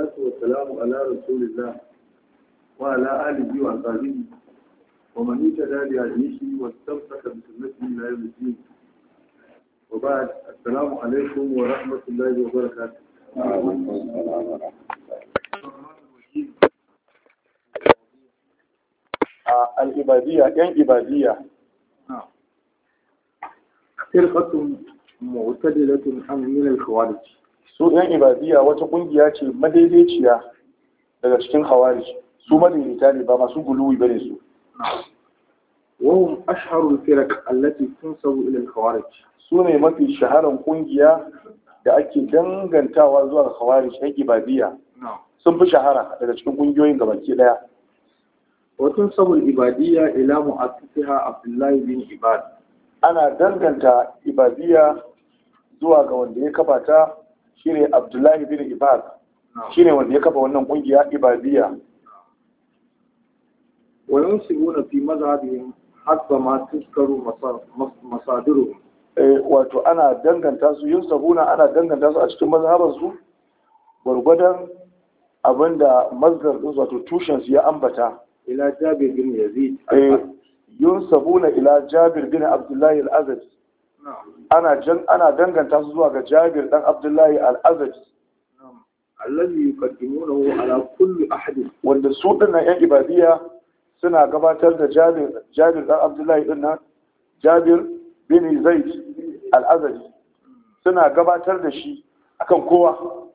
salatu wa salamu ala rasulillah wa da alihi wa sahbihi wa man tada bi alihi wa tawaffa bi sunnati la yusi wa ba'd assalamu alaykum wa rahmatullahi wa barakatuh al ah, ibadiyya yan ibadiyya فرقة معتدلة عن من الخوارج su ɗan ibadiyya wata ƙungiya ce madaidaiciya daga cikin hawari su madaidaita ne ba masu guluwi bane su wahum asharul firak allati tunsabu ila al-khawarij su ne mafi shaharan kungiya da ake dangantawa zuwa ga khawarij ɗan ibadiyya sun fi shahara daga cikin kungiyoyin gabaki daya Watun sabul ibadiyya ila mu'assisiha Abdullahi bin Ibad ana danganta ibadiya zuwa ga wanda ya kafa ta shine Abdullahi bin Ibad shine wanda ya kafa wannan kungiya Ibadiyya wa yunsibuna fi mazhabihim hatta ma tuskaru masadiru eh, wato ana danganta su sabuna ana danganta su a cikin mazhabar su gurgudan abinda mazhar din wato tushen su ya ambata ila Jabir bin Yazid eh, sabuna ila Jabir bin Abdullahi al-Azadi ana danganta su zuwa ga Jabir dan Abdullahi al-Azadi allazi yuqaddimunahu ala kulli ahadin wanda su dinnan yan ibadiya suna gabatar da Jabir Jabir dan Abdullahi dinnan Jabir bin Zaid al-Azadi suna gabatar da shi akan kowa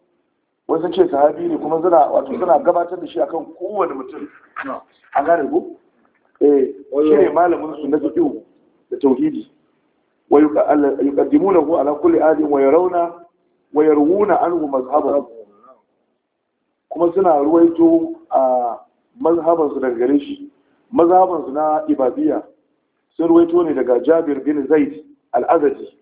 wasu ce sahabi ne kuma suna wato suna gabatar da shi akan kowane mutum a gane ko eh shi ne malamin su na fiqh da tauhidi wa yuqaddimunahu ala kulli adin wa yarawna wa yarwuna kuma suna ruwaito a mazhabansu daga gare shi mazhabansu na ibadiyya sun ruwaito ne daga Jabir bin Zaid al-Azadi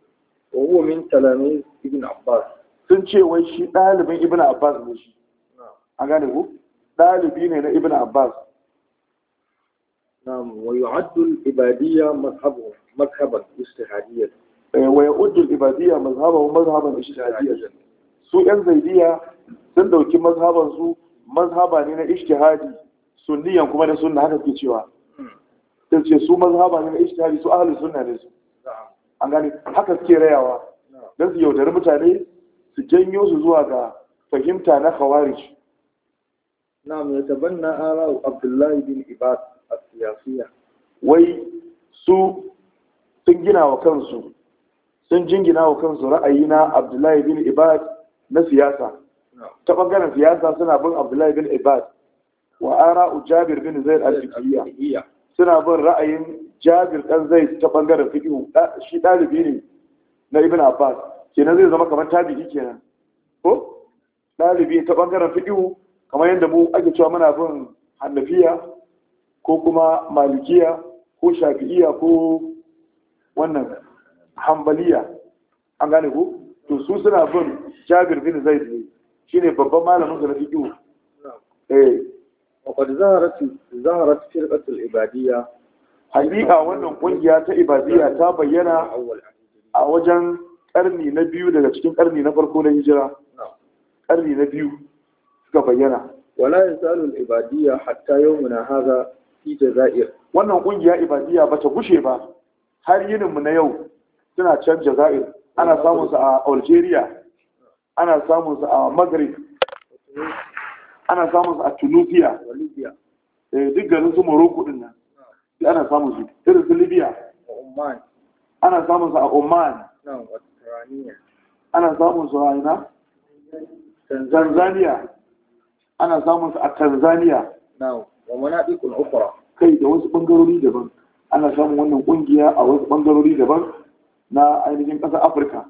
wa huwa min talamiz ibn Abbas sun ce wai shi dalibin ibn Abbas ne shi an gane ku dalibi ne na ibn Abbas نعم ويعد الإبادية مذهبه مذهبا su ‘yan zaidiya sun ɗauki mazhabansu mazhaba na ishtihadi sunniyan kuma da sunna haka ke cewa ta ce su mazhaba na ishtihadi su ahalin sunna ne su an gani haka suke rayawa don su yaudari mutane su janyo su zuwa ga fahimta na khawarij na mai tabanna arau abdullahi bin ibad wai su sun gina wa kansu sun jingina wa kansu ra'ayi na abdullahi bin ibad na siyasa ta ɓangaren siyasa suna bin abdullahi bin ibad wa ara jabir bin zaid al-fiqhiyya suna bin ra'ayin jabir dan zaid ta ɓangaren fiqhu shi ɗalibi ne na ibn abbas kenan zai zama kamar tabi'i kenan ko ɗalibi ta ɓangaren fiqhu kamar yadda mu ake cewa muna bin hanafiya ko kuma malikiya ko shafi'iya ko wannan hambaliya an gane ku to su suna bin jabir bin zaid ne shine babban malamin da na fi kiwo eh zaharat zaharat firqat al ibadiyya حقيقة wannan kungiya ta ibadiyya ta bayyana a wajen karni na biyu daga cikin karni na farko na hijira karni na biyu suka bayyana wala yasalu al-ibadiyya hatta yawmuna hadha fi jazair wannan kungiya ibadiyya bata gushe ba har yininmu na yau suna can jazair ana samun su a Algeria ana samun su a Maghrib ana samun su a Tunisia eh duk garin su Morocco din nan duk ana samun su irin su Libya Oman ana samun su a Oman ana samun su a ina Tanzania ana samun su a Tanzania wa munafiqun ukhra kai da wasu bangarori daban ana samun wannan kungiya a wasu bangarori daban na ainihin ƙasar Afirka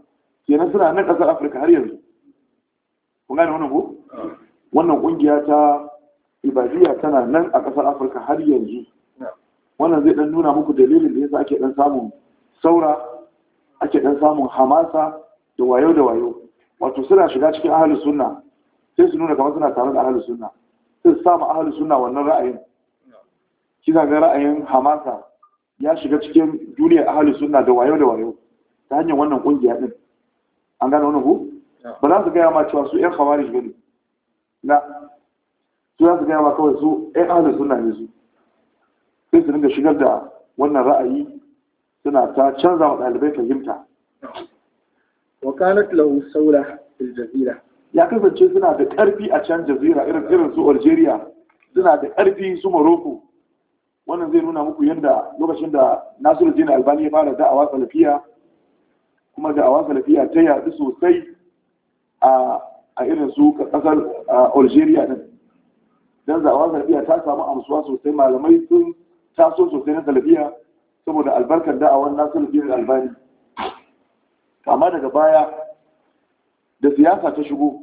kenan suna nan ƙasar Afirka har yanzu kun gane wannan ko wannan kungiya ta ibadiyya tana nan a ƙasar Afirka har yanzu wannan zai dan nuna muku dalilin da yasa ake dan samun saura ake dan samun hamasa da wayo da wayo wato suna shiga cikin ahlus sunna sai su nuna kamar suna tare da ahlus sunna sai samu ahalu suna wannan ra'ayin kina ga ra'ayin hamasa ya shiga cikin duniyar ahalu suna da wayo da wayo ta hanyar wannan kungiya din an gane wani ku ba za su gaya ma cewa su 'yan khawarij bane na su za su gaya ma kawai su 'yan ahalu suna ne su sai su dinga shigar da wannan ra'ayi suna ta canza wa ɗalibai fahimta وكانت له سولة في الجزيرة ya kasance suna da ƙarfi a can jazira irin irin su algeria suna da ƙarfi su morocco wannan zai nuna muku yadda lokacin da nasiru jina albani ya fara da'awa salafiya kuma da'awa salafiya ta yadu sosai a irin su ƙasar algeria din don da'awa salafiya ta samu amsuwa sosai malamai sun taso sosai na salafiya saboda albarkar da'awar nasiru jina albani kama daga baya da siyasa ta shigo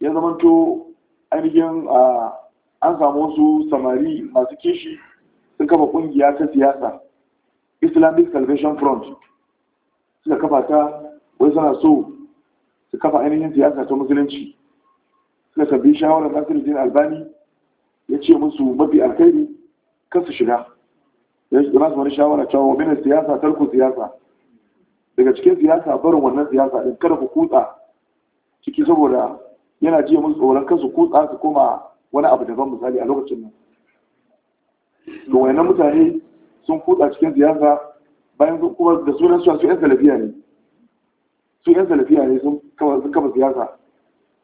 ya zamanto ainihin an samu wasu samari masu kishi sun kafa kungiya ta siyasa islamic salvation front suka kafa ta wai suna so su kafa ainihin siyasa ta musulunci suka sabbi shawarar nasiruddin albani ya ce musu mafi alkhairi kan su shiga ya shi masu wani shawara cewa wa minar siyasa tarko siyasa daga cikin siyasa barin wannan siyasa ɗin kada ku kutsa ciki saboda yana ji mun tsoron kansu ko tsara su koma wani abu daban misali a lokacin nan to wayannan mutane sun kutsa cikin siyasa bayan sun kuma da sunan su yan salafiya ne su yan salafiya ne sun kafa siyasa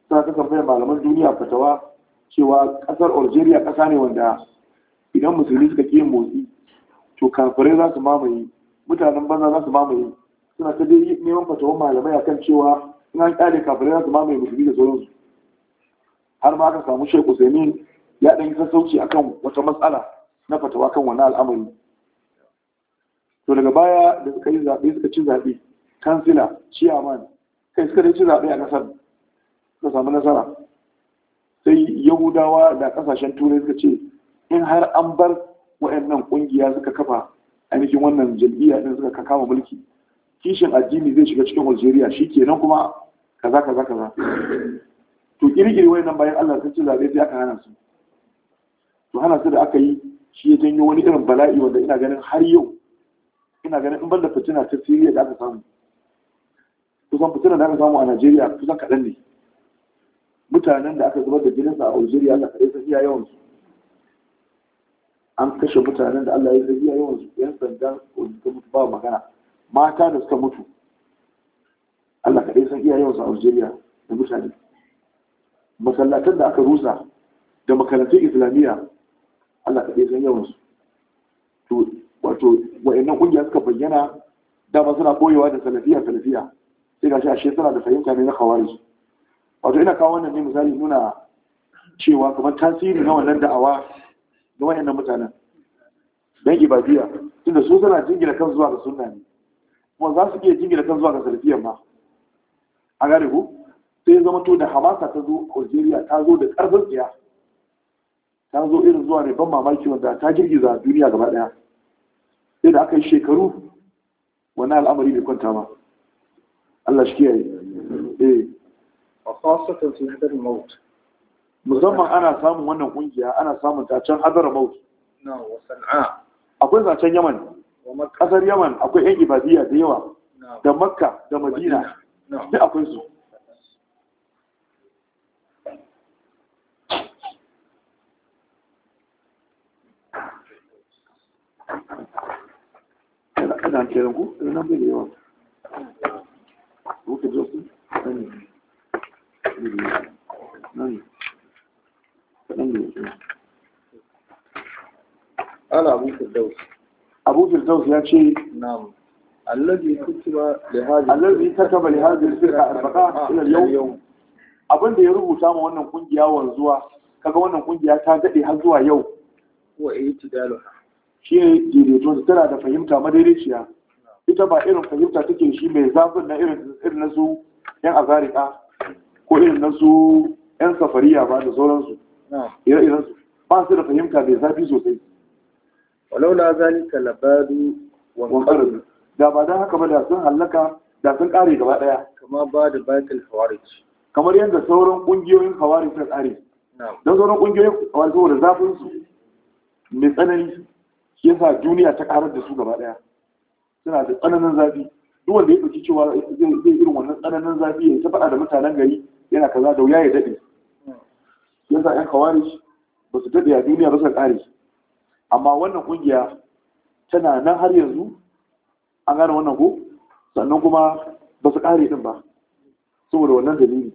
suna ta tambayar malaman duniya fatawa cewa kasar algeria kasa ne wanda idan musulmi suka ƙi motsi to kafirai za su mamaye mutanen banza za su mamaye suna ta dai neman fatawan malamai akan cewa suna kyale kafirai za su mamaye musulmi da sauransu har ma aka samu Sheikh Usaimin ya ɗan yi sassauci akan wata matsala na fatawa kan wani al'amari to daga baya da suka yi zaɓe suka ci zaɓe kansila chairman kai suka ci zaɓe a ƙasar suka samu nasara sai yahudawa da ƙasashen turai suka ce in har an bar waɗannan ƙungiya suka kafa ainihin wannan jam'iyya din suka kama mulki kishin addini zai shiga cikin algeria shi kenan kuma kaza kaza kaza to kirkiri wani nan bayan Allah sun ci zaɓe sai aka hana su to hana su da aka yi shi ya janyo wani irin bala'i wanda ina ganin har yau ina ganin in banda fitina ta siriya da aka samu kusan fitina da aka samu a Najeriya kusan kaɗan ne mutanen da aka zubar da gidansa a Algeria Allah kaɗai sa iya yawan su an kashe mutanen da Allah ya zai iya yawan su yan sandan suka mutu ba magana mata da suka mutu Allah kaɗai sai iya yawan su a Algeria da mutane masallatan da aka rusa da makarantun islamiyya Allah kaɗai san yawansu to wato wa'annan ƙungiya suka bayyana dama suna koyewa da salafiya salafiya sai ga shi ashe suna da fahimta ne na khawarij wato ina kawo wannan ne misali nuna cewa kamar tasiri na wannan da'awa na wa'annan mutanen dan ibadiya tunda su suna jingina kan zuwa ga sunna ne kuma za su iya jingina kan zuwa ga salafiyan ma a gane ku sai zama to da hamasa ta zo algeria ta zo da karfin tsiya ta zo irin zuwa mai ban mamaki wanda ta girgiza duniya gaba daya sai da aka yi shekaru wannan al'amari bai kwanta ba Allah shi kiyaye eh a khasatan sun hadar maut musamman ana samun wannan kungiya ana samun ta can hadar maut akwai zancen yaman kasar yaman akwai yan ibadiyya da yawa da makka da madina duk akwai su nan eh, da ala abu firdaus abu firdaus ya ce ah, abin da ya rubuta ma wannan kungiya wanzuwa kaga wannan kungiya ta dade har zuwa yau wa itidaluha shi daidaito tana da fahimta madaidaiciya ita ba irin fahimta take shi mai zafin na irin na su yan azarika ko irin na su yan safariya ba da sauransu su ba su da fahimta mai zafi sosai walau la zalika labari wankarin da ba don haka ba da sun hallaka da sun kare gaba daya kama ba da bakil hawarici kamar yadda sauran kungiyoyin hawarici ta kare don sauran kungiyoyin hawarici saboda zafin su mai tsanani shi yasa duniya ta karar da su gaba daya suna da tsananin zafi duk wanda ya ɗauki cewa zai irin wannan tsananin zafi ya ta faɗa da mutanen gari yana kaza da wuya ya daɗe yasa yan kawari ba su daɗe a duniya ba su ƙare amma wannan ƙungiya tana nan har yanzu an gane wannan ko sannan kuma ba su ƙare din ba saboda wannan dalili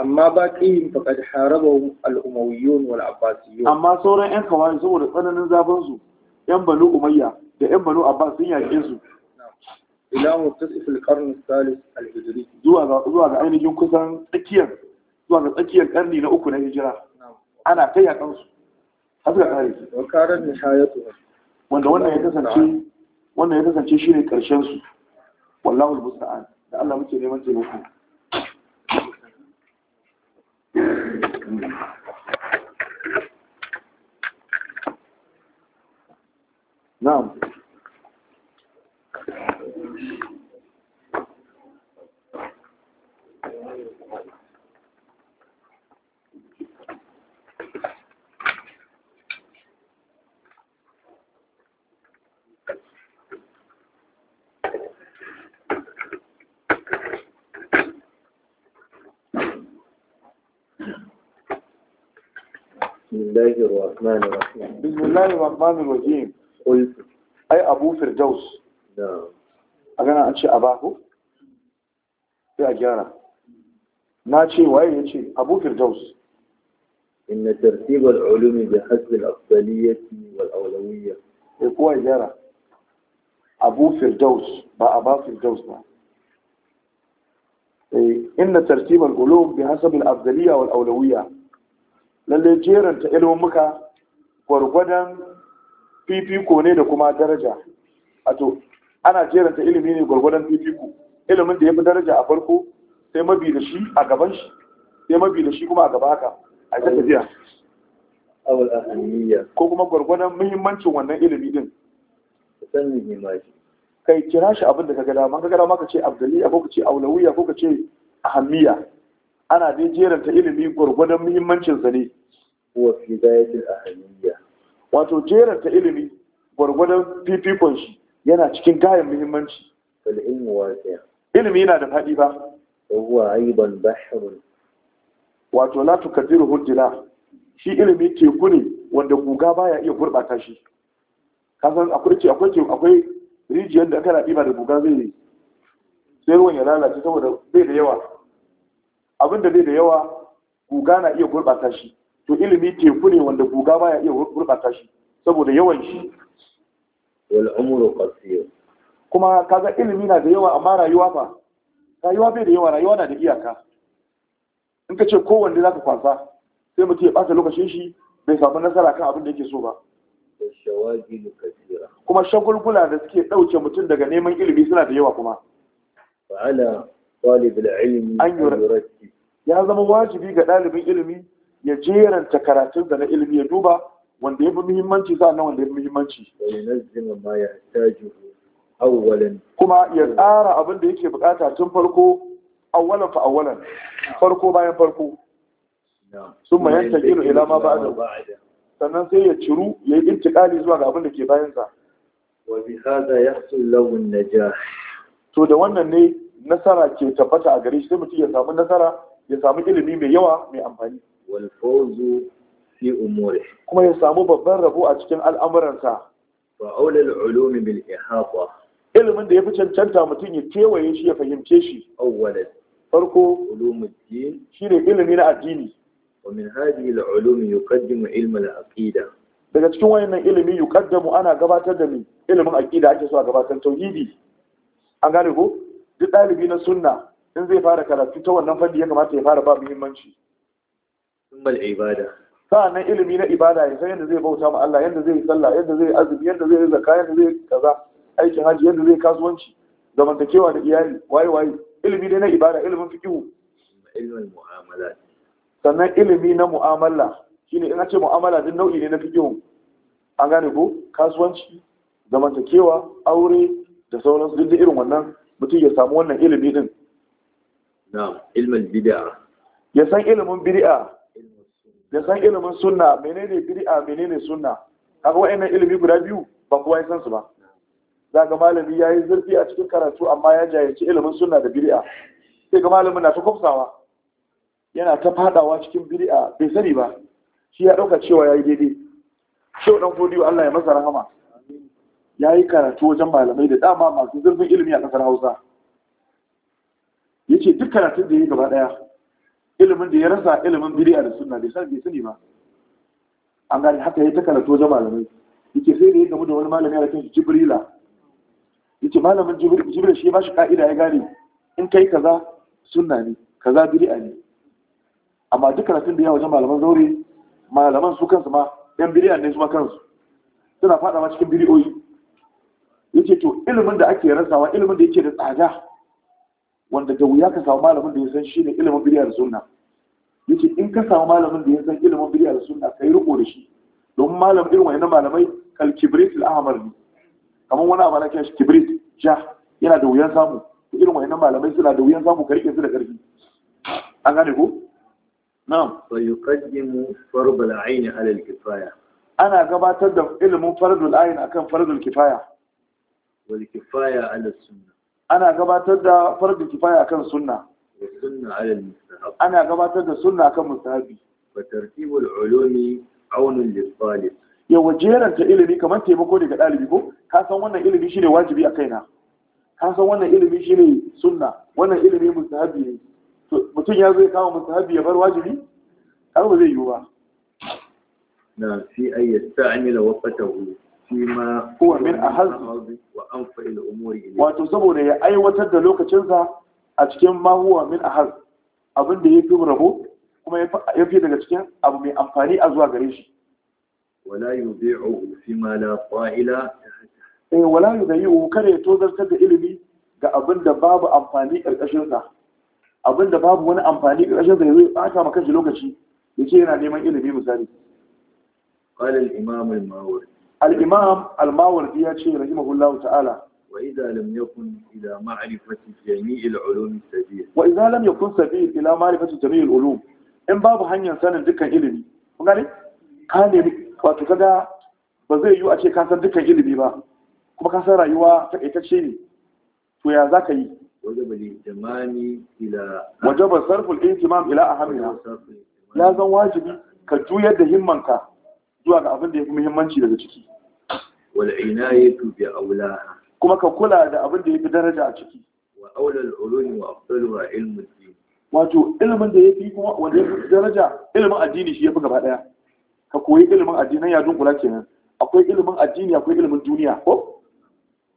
amma baqiyin faqad haraba al-umayyun wal abbasiyyun amma sauran yan kawai saboda tsananin zafin su yan banu umayya da yan banu abbas sun yaƙe su ila muttasif al-qarn al-thalith al-hijri zuwa ga zuwa ga ainihin kusan tsakiyar zuwa ga tsakiyar karni na uku na hijira ana kai yakan su har suka kare su wa karan nihayatu wanda wannan ya kasance wannan ya kasance shine karshen su wallahu al-musta'an da Allah muke neman taimako نعم بسم الله الرحمن الرحيم بسم الله الرحمن الرحيم ai abu firdaus a gana an ce a abahu sai a gyara na ce waye ya ce abu firdaus in na tartibar olumi da hasbin afsaliyyati wal'aulawiyya ko kuwa gyara abu firdaus ba a ba firdaus ba eh, inna tartibar olumi da hasbin afsaliyya wal'aulawiyya lalle jeranta ilimin muka gwargwadon fifiko ne da kuma daraja A to ana jeranta ilimi ne gwargwadon fifiko ilimin da ya fi daraja a farko sai mabi da shi a gaban shi sai mabi da shi kuma a gaba haka a ta tafiya ko kuma gwargwadon muhimmancin wannan ilimi din kai kira shi abin da kaga dama kaga dama ka ce abdali ko ka ce aulawiya ko ka ce ahammiya ana dai jeranta ilimi gwargwadon muhimmancin sa ne wa fi gayatil ahammiya wato jerar ta ilimi gwargwadon fifikon shi yana cikin gayan muhimmanci ilimi yana da faɗi ba huwa aiban bahrun wato la tukadiru hujjila shi ilimi teku ne wanda guga baya iya gurɓata shi kasan akwai ce akwai akwai rijiyar da kana ba da guga zai yi sai ruwan ya lalace saboda bai da yawa abin da bai da yawa guga na iya gurɓata shi to ilimi teku ne wanda guga baya iya gurɓata shi saboda yawan shi wal umru qasir kuma kaga ilimi na da yawa amma rayuwa fa rayuwa bai da yawa rayuwa na da iyaka in ka ce kowanne zaka kwasa sai mutum ya ɓata lokacin shi bai samu nasara kan abin da yake so ba kuma shagulgula da suke ɗauke mutum daga neman ilimi suna da yawa kuma an ya zama wajibi ga ɗalibin ilimi ya jeranta karatun da na ilimi ya duba wanda ya fi muhimmanci za na wanda ya fi muhimmanci kuma ya tsara abin da yake bukata tun farko awwalan fa awwalan farko bayan farko sun mayan tagiru ilama ba da sannan sai ya ciru ya yi intikali zuwa ga abin da ke bayansa wa ya hada yahsul na najah to da wannan ne nasara ke tabbata a gare shi sai mutum ya samu nasara ya samu ilimi mai yawa mai amfani wal fawzu fi umuri kuma ya samu babban rabo a cikin al'amuransa wa aula al bil ihata ilimin da ya fi cancanta mutum ya kewaye shi ya fahimce shi awwalan farko shi ne ilimi na addini wa min hadhihi al-ulum yuqaddimu ilm al-aqida daga cikin wayannan ilimi yuqaddamu ana gabatar da ni ilimin aqida ake so a gabatar tauhidi an gane ko duk ɗalibi na sunna in zai fara karatu ta wannan fanni ya kamata ya fara ba muhimmanci ibada sa'annan ilimi na ibada ya san yadda zai bauta ma Allah yadda zai yi sallah yadda zai azumi yadda zai zakka yadda zai kaza aikin hajji yadda zai kasuwanci zamantakewa da iyali waye waye ilimi ne na ibada ilimin fiqhu ilimin mu'amala sannan ilimi na mu'amala shine in ce mu'amala din nau'i ne na fiqhu an gane ko kasuwanci zamantakewa aure da sauransu duk irin wannan mutum ya samu wannan ilimi din na'am ilmin bid'a ya san ilimin bid'a da san ilimin sunna menene bid'a menene sunna kaga wa'annan ilimi guda biyu ba kowa ya san su ba za ga malami ya yi zurfi a cikin karatu amma ya jayyaci ilimin sunna da bid'a sai ga malamin na ta kwafsawa yana ta fadawa cikin bid'a bai sani ba shi ya dauka cewa yayi daidai shi dan godiyo Allah ya masa rahama yayi karatu wajen malamai da dama masu zurfin ilimi a kasar Hausa yace duk karatun da yayi gaba daya ilimin da ya rasa ilimin bid'a da sunna bai san bai sani ba an gani haka ya ta karatu wajen malamai yake sai da ya gamu da wani malami a kan jibrila yake malamin jibrila shi ba shi ka'ida ya gane in kai kaza sunna ne kaza bid'a ne amma duk karatun da ya wajen malaman zaure malaman su kansu ma yan bid'a ne su ma kansu suna fada ma cikin bid'o'i yake to ilimin da ake rasawa ilimin da yake da tsada wanda da wuya ka samu malamin da ya san shi ne ilimin bid'a da sunna yace in ka samu malamin da ya san ilimin bid'a da sunna kai riko da shi don malam irin wayannan malamai kal kibrit al ahmar ne kamar wani abu na kiran shi kibrit ja yana da wuyan samu irin wayannan malamai suna da wuyan samu ka su da karfi an gane ko na'am fa yuqaddimu fardul ayn ala al kifaya ana gabatar da ilimin fardul ayn akan fardul kifaya wal kifaya ala sunna ana gabatar da fardu kifaya kan sunna ana gabatar da sunna kan musabi ba tartibul ulumi aunun lis-salih yawa jeranta ilimi kamar taimako daga ɗalibi ko ka san wannan ilimi shine wajibi a kaina ka san wannan ilimi shine sunna wannan ilimi musabi ne mutum ya ya kawo musabi ya bar wajibi har ba zai yiwu ba na fi ayyasta amila waqtahu فيما هو من أهل da الأمور إليه وتزبون يا أي وتد لوك تشنزا أتكين ما هو min a abin da ya fi rabo kuma ya fi daga cikin abu mai amfani a zuwa gare shi wala yudhi'u fi ma la fa'ila eh wala yudhi'u kare to zartar da ilimi ga abin da babu amfani karkashin sa abin da babu wani amfani karkashin sa yazo ya bata maka shi lokaci yace yana neman ilimi misali qala al-imam al-imam al-mawardi ya ce rahimahullahu ta'ala وإذا لم يكن إلى معرفة جميع العلوم سبيل وإذا لم يكن سبيل إلى معرفة جميع العلوم إن باب هنيا سنة دكا إلمي وقالي كان وتكذا بزي يو أشي كان سنة دكا kuma ka san rayuwa ta ƙaitacce ne to ya za ka yi wajaba sarful ihtimam ila ahamiha ya zan wajibi ka juyar da himmanka zuwa ga abin da ya fi muhimmanci daga ciki ya inayatu bi wula. kuma ka kula da abin da ya fi daraja a ciki wa aula al wa afdaluha ilmin din wato ilimin da ya fi kuma wanda ya fi daraja ilimin addini shi ya fi gaba ɗaya. ka koyi ilimin addini ya dunkula kenan akwai ilimin addini akwai ilimin duniya ko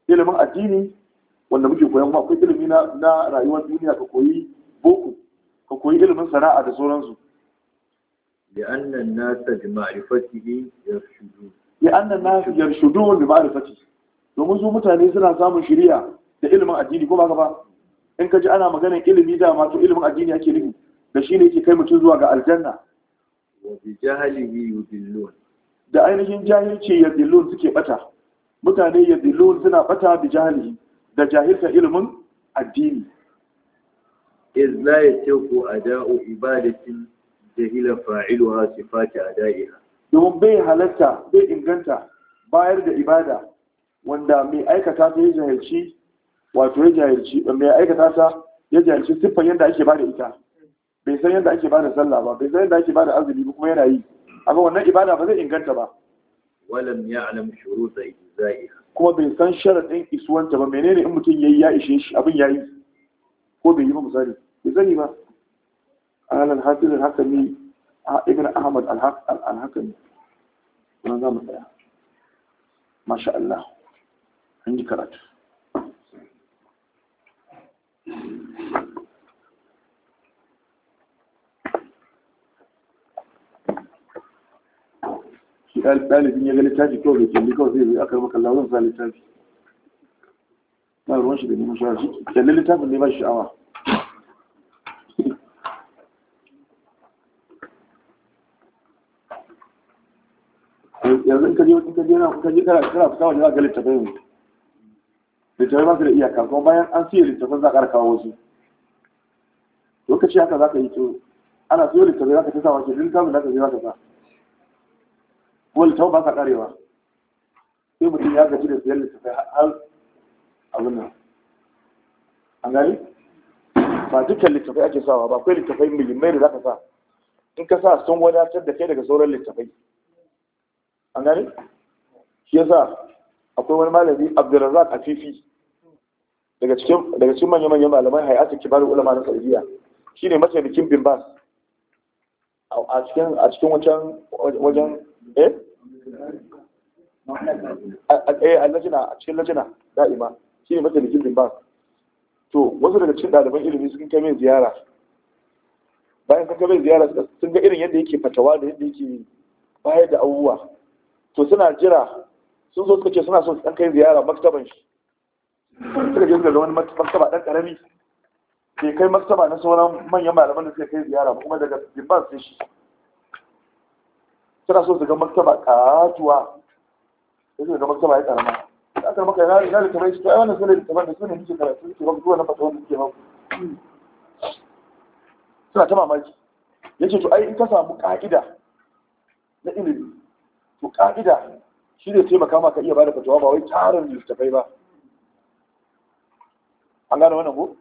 ilimin addini wanda muke koyan kuma akwai ilimi na rayuwar duniya ka koyi boko ka koyi ilimin sana'a da sauransu لأن الناس بمعرفته يرشدون لأن الناس يرشدون ce, domin su mutane suna samun shiriya da ilimin addini ko ba ba in ka ji ana maganin ilimi da masu ilimin addini ake nufi da shi ne ke kai mutum zuwa ga aljanna da ainihin ce, ya dillon suke bata mutane ya dillon suna bata da jahili da jahilta ilimin addini iz la yatiqu ada'u ibadatin jahila fa'iluha a ada'iha don bai halatta bai inganta bayar da ibada wanda mai aikata ta ya jahilci wato ya jahilci mai aikata ta ya jahilci siffan yadda ake bada ita bai san yadda ake bada sallah ba bai san yadda ake bada azumi ba kuma yana yi amma wannan ibada ba zai inganta ba walam ya'lam shuruta ijza'iha kuma bai san sharadin isuwanta ba menene in mutum yayi ya ishe shi abin yayi ko bai yi ba misali bai sani ba أهل الحسن الحكمي ابن أحمد الحق الحكمي ما شاء الله عندي كرات قال قال الدنيا قال تاجي كل يوم يقول في أكرمك الله ونزل تاجي ما روش بني ما شاء الله قال لي تاجي اللي ما شاء الله yanzu ka je ka je ka je kana kana fita wanda za ka littafai mu littafai ba su da iyaka kuma bayan an siya littafan za ka ƙara kawo wasu lokaci haka za ka yi to ana siyo littafai za ka ta sa wace duk kamun za ka je za ka sa kuma littafan ba sa ƙarewa sai mutum ya gaji da siyan littafai har abin nan an gani ba dukkan littafai ake sawa ba akwai littafai muhimmai da za ka sa in ka sa sun wadatar da kai daga sauran littafai an gane shi yasa akwai wani malami abdurrazak Afifi daga cikin daga cikin malamai, manyan malaman hay'atul kibarul ulama na Saudiya shi mataimakin masu Bas a cikin a cikin wajen wajen eh? eh a lajina a cikin lajina da'ima ne mataimakin bin bimbas to wasu daga cikin ɗaliban ilimi sun kai ziyara bayan sun kai ziyara sun ga irin yadda yake fatawa da yadda yake bayar da abubuwa to suna jira sun zo suka ce suna so su ɗan kai ziyara maktaban shi suka je daga wani maktaba ɗan ƙarami ke kai maktaba na sauran manyan malaman da suka kai ziyara kuma daga jimban sai shi suna so su ga maktaba ƙatuwa sai suka ga maktaba ya ƙarama Da aka maka yana da kamar shi ta wani sunan da taban da sunan yake karatu yake babu zuwa na fata wanda suke babu suna ta mamaki Ya ce to ai in ka samu ka'ida na ilimi to ka'ida shi ne taimaka maka iya bada fatawa ba wai tarin littattafai ba an gane wannan ko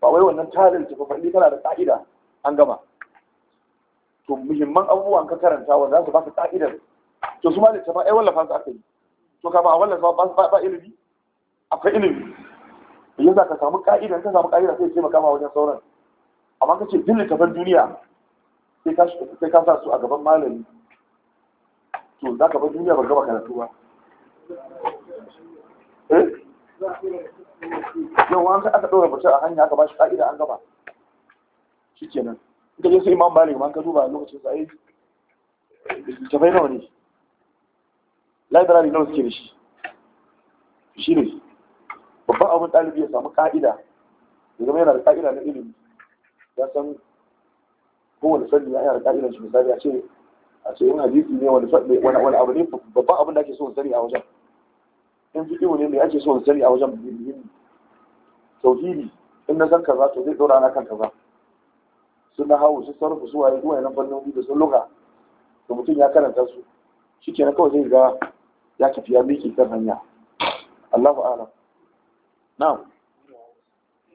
ba wai wannan tarin littafai ba kana da ka'ida an gama to muhimman abubuwan ka karanta wanda za su baka ka'ida to su ma littattafai ai wallafa su aka yi to kama a wallafa ba ba ilimi akwai ilimi yanzu ka samu ka'ida ka samu ka'ida sai taimaka ma wajen sauran amma ce duk littattafan duniya sai ka sa su a gaban malami to za ka bar duniya ba gaba karatu ba eh? yau an aka ɗora mutum a hanya aka bashi shi ƙa'ida an gaba shi kenan in ka je sai imam malik ma ka duba lokacin sa ai eh, tafai nawa ne library nawa suke da shi shi ne babban abin ɗalibi ya samu ƙa'ida ya zama yana da ƙa'ida na ilimi ya san kowane sanni ya yana da ƙa'idan shi misali a ce a ce in hadisi ne wani wani abu ne babban abin da ake so sani a wajen in fiƙihu ne mai ake so sani a wajen muhimmi tauhidi in na san kaza to zai ɗora na kan kaza sun na hawo su sarrafa su waye duwaye fannin fannoni da sun luka da mutum ya karanta su shi kenan kawai zai ga ya tafi ya miƙe kan hanya Allahu a'lam na'am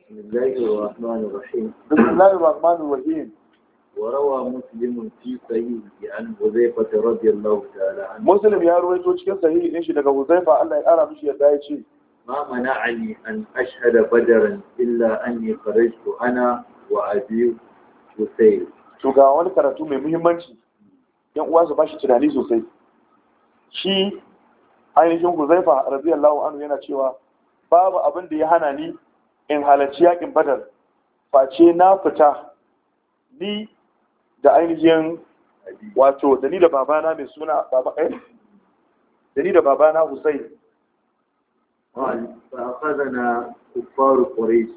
بسم الله الرحمن الرحيم بسم وروى مسلم في صحيحه عن حذيفة رضي الله تعالى عنه مسلم يا رويتو cikin sahihi din shi daga Huzaifa Allah ya kara mishi yadda ya ce ma mana'ani an ashhada badaran illa anni kharajtu ana wa abi Husayl to ga wani karatu mai muhimmanci yan uwa su bashi tunani sosai shi ainihin Huzaifa radiyallahu anhu yana cewa babu abin da ya hana ni in halarci yakin badar face na fita ni da ainihin wato da ni da babana mai suna baba ɗaya eh? da ni da babana Hussein fa akhadana kuffar quraish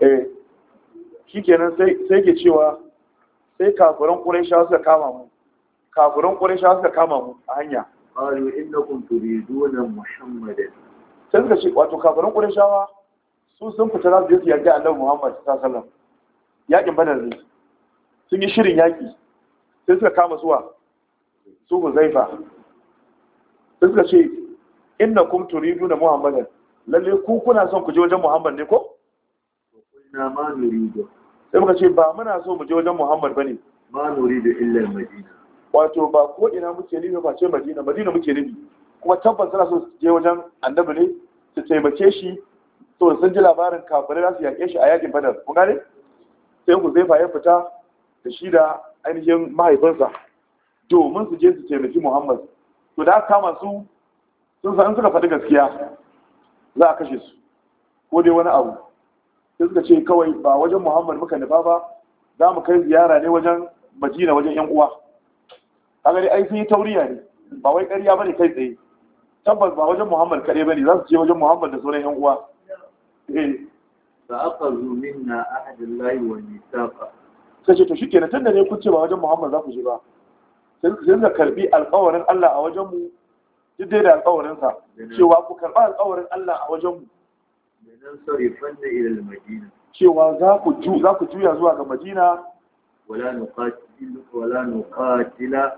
eh, sai sai ke cewa sai kafuran quraisha suka kama mu kafuran quraisha suka kama mu a hanya qalu innakum turiduna muhammadan sai suka ce wato kafiran quraishawa su sun fita za su je su yarda annabi Muhammad sallallahu alaihi wasallam yakin badar ne sun yi shirin yaƙi sai suka kama zuwa su zaifa sai suka ce inna kum turidu na muhammadan lalle ku kuna son ku je wajen muhammad ne ko na ma sai muka ce ba muna so mu je wajen muhammad bane ma nuridu illar madina wato ba ko ina muke nufi ba ce madina madina muke nufi kuma tabbas suna so su je wajen annabi ne su taimake shi to sun ji labarin kafirai za su yaƙe shi a yakin badar kun gane sai ku zai fa ya fita da shi da ainihin mahaifinsa domin su je su taimaki muhammad to da aka kama su sun san suka faɗi gaskiya za a kashe su ko dai wani abu sai suka ce kawai ba wajen muhammad muka nufa ba za mu kai ziyara ne wajen madina wajen yan uwa a dai ai sun yi tauriya ne ba wai ƙarya ne kai tsaye tabbas ba wajen muhammad kaɗai ba ne, za su je wajen muhammad da sauran yan uwa eh fa na minna ahadallahi wa nisaqa sai ce to shi na tunda ne kun ce ba wajen muhammad za ku je ba sai ka karbi alkawarin allah a wajen mu duk dai da alkawarinsa cewa ku karba alkawarin allah a wajen mu cewa za ku za ku juya zuwa ga madina wala nuqatil wala nuqatila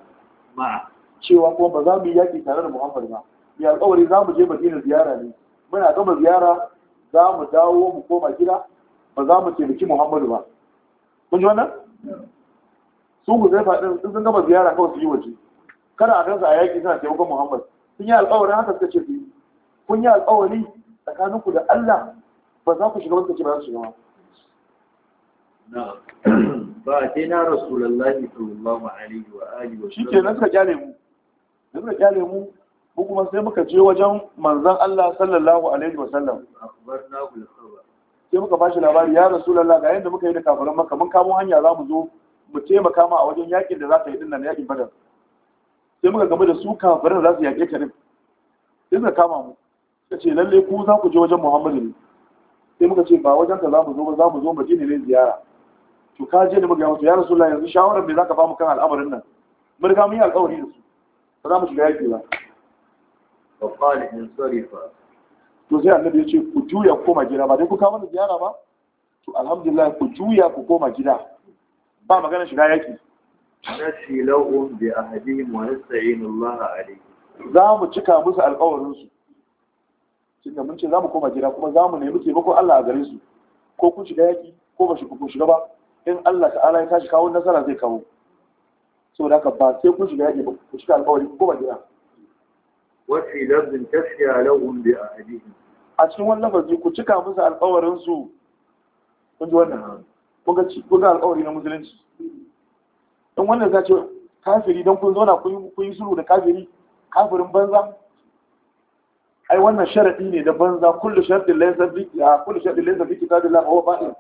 ma'a cewa kuma ba za mu yi yaƙi tare da muhammad ba bi alƙawari za mu je madina ziyara ne muna gama ziyara za mu dawo mu koma gida ba za mu taimaki muhammadu ba kun ji wannan sun ku faɗin sun sun gama ziyara kawai su yi waje kada a kansa a yaƙi suna taimakon muhammad sun yi alƙawarin haka suka ce su yi kun yi alƙawari tsakaninku da allah ba za ku shiga wani ce ba za su shiga ba ba a ce na rasulallahi sallallahu alaihi wa alihi wa shi ke nan suka kyale mu da suka kyale mu ko kuma sai muka je wajen manzon allah sallallahu alaihi wa sallam sai muka bashi labari ya rasulullah ga yanda muka yi da kafiran maka mun kamo hanya za mu zo mu taimaka ma a wajen yakin da za ka yi dinnan nan yakin badar sai muka gaba da su kafiran za su yaƙe ka din sai suka kama mu suka ce lalle ku za ku je wajen muhammadu ne sai muka ce ba wajen ka za mu zo ba za mu zo madina ne ziyara to ka je da muka yawo ya rasulullah yanzu shawarar me za ka ba mu kan al'amarin nan mun riga mun yi alƙawari da su ba za mu shiga yaƙi ba. Faƙali in to sai annabi ya ce ku juya ku koma gida ba dai ku kawo mana ziyara ba to alhamdulillah ku juya ku koma gida ba magana shiga yaki nasi lahum bi ahadihim wa nasta'inu Allah alayhi za mu cika musu alƙawarin su tunda mun ce za mu koma gida kuma za mu nemi taimakon Allah a gare su ko kun shiga yaki ko ba ku shiga ba in Allah ta'ala ya tashi kawo nasara zai kawo saboda haka ba sai kun shiga yaki ba ku cika alƙawari ku koma gida وفي لفظ تفيا لهم بأهلهم أشن ولا فزي كتك أمس القورن سو كنت وانا كنت القورن مسلم dan wannan za ce kafiri don kun zauna kun yi sulhu da kafiri kafirin banza ai wannan sharadi ne da banza kullu sharadin laysa bi kullu sharadin laysa bi kitabillah huwa ba'in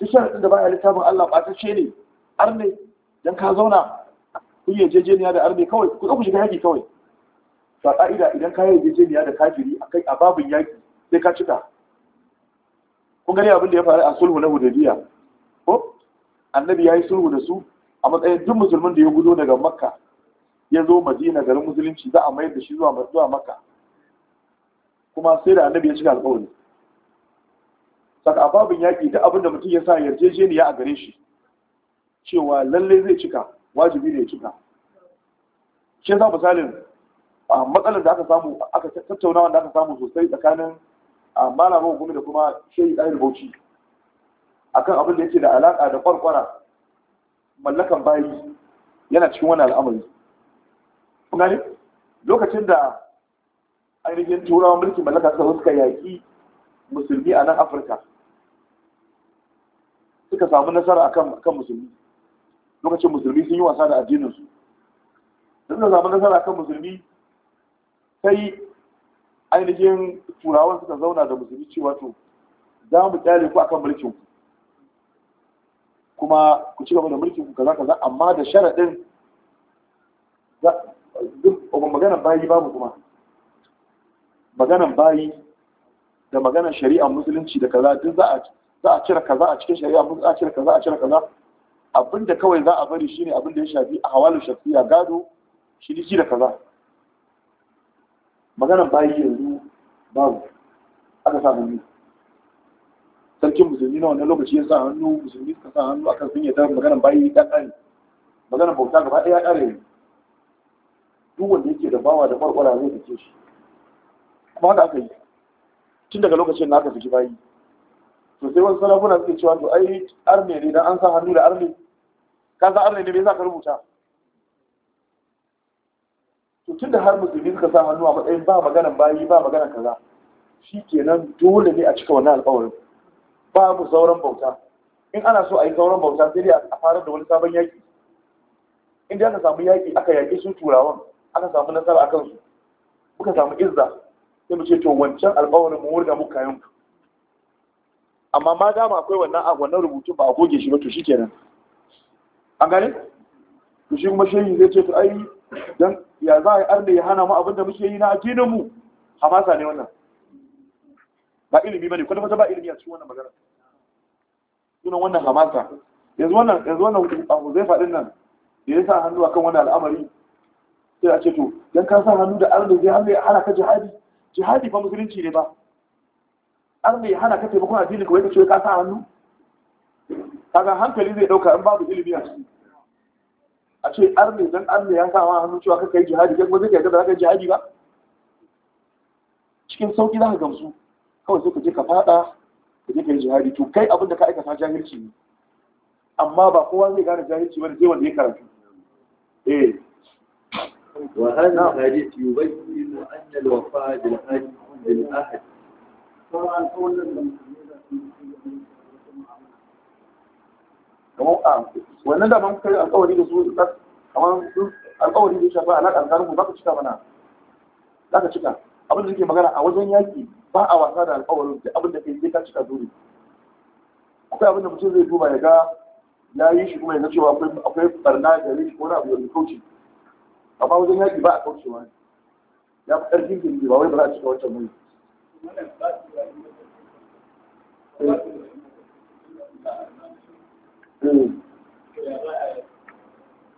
duk sharadin da baya littafin Allah ba ta ce ne arne dan ka zauna kun jejeniya da arne kawai ku ku shiga haƙi kawai Ba ƙa'ida idan ka yi yarjejeniya da kafiri a kai a babin yaƙi sai ka cika kun gani abin da ya faru a sulhu na hudaybiya ko annabi ya yi sulhu da su a matsayin duk musulmin da ya gudo daga makka ya zo madina garin musulunci za a mayar da shi zuwa zuwa makka kuma sai da annabi ya cika alƙawari saka a babin yaƙi duk abin da mutum ya sa yarjejeniya a gare shi cewa lallai zai cika wajibi ne ya cika shi yasa misalin matsalar da aka samu aka tattaunawa da aka samu sosai tsakanin malamin hukumi da kuma shehi da bauchi akan abin da yake da alaƙa da kwarkwara mallakan bayi yana cikin wani al'amari kuma ne lokacin da ainihin turawan mulkin mallaka suka zo suka yaƙi musulmi a nan afirka suka samu nasara akan kan musulmi lokacin musulmi sun yi wasa da addininsu sun samu nasara akan musulmi sai ainihin turawan suka zauna da musulmi cewa to za mu kyale ku akan mulkin ku kuma ku ci gaba da mulkin ku kaza kaza amma da sharaɗin duk maganan bayi babu kuma maganan bayi da maganan shari'a musulunci da kaza duk za a za a cire kaza a cikin shari'a musulunci a cire kaza a cire kaza abinda kawai za a bari shine abinda ya shafi a hawalu shafiya gado shi ji da kaza maganar bayi yanzu babu aka sa hannu sarkin musulmi na wannan lokaci ya sa hannu musulmi suka sa hannu akan sun yadda maganar bayi ta ƙare maganar bauta gaba ɗaya ƙare ne duk wanda yake da bawa da kwarkwara zai fice shi kuma haka aka yi tun daga lokacin na aka fiki bayi to sai wasu salafuna suke cewa to ai arme ne dan an sa hannu da arme? ka sa arme ne me yasa ka rubuta tun da har musulmi suka sa hannu a matsayin ba magana bayi ba magana kaza shi kenan dole ne a cika wannan alƙawarin babu sauran bauta in ana so a yi sauran bauta sai dai a fara da wani sabon yaƙi in da aka samu yaƙi aka yaƙi su turawan aka samu nasara a kansu muka samu izza sai mu ce to wancan alƙawarin mu wurga muka yin amma ma dama akwai wannan a wannan rubutun ba a goge shi ba to shikenan an gane to shi kuma shehi zai ce to ai dan ya za a yi arna ya hana mu abinda muke yi na addinin mu hamasa ne wannan ba ilimi bane kwata kwata ba ilimi a cikin wannan magana sunan wannan hamasa yanzu wannan yanzu wannan abu zai faɗin nan da ya sa hannu akan wannan al'amari sai a ce to dan ka sa hannu da arna zai hannu ya hana ka jihadi jihadi fa musulunci ne ba arna ya hana ka taimakon addinin ka wai ka ce ka sa hannu kaga hankali zai dauka in babu ilimi a ciki a ce arne dan arne ya sa ma hannu cewa kaka yi jihadi kai kuma zai yarda da yi jihadi ba cikin sauki za ka gamsu kawai sai ka je ka fada ka je ka yi jihadi to kai abin da ka aikata jahilci ne amma ba kowa zai gane jahilci ba da zai wanda ya karatu eh وهذا الحديث يبين أن الوفاء بالعهد بالعهد طبعا قول kamar a ah, wannan da man kai alƙawari da su kamar alƙawari da ya shafa alaƙa tsakanin ku baka cika mana Za ka cika abin da yake magana a wajen yaƙi ba a wasa da alƙawarin da abin da kai sai ka cika dole akwai abin da mutum zai duba ya ga ya yi shi kuma ya cewa akwai barna da ya shi ko na abu da kauce amma wajen yaƙi ba a kaucewa ne ya fi ƙarfin gindi ba wai ba za a cika wancan mai Thank you.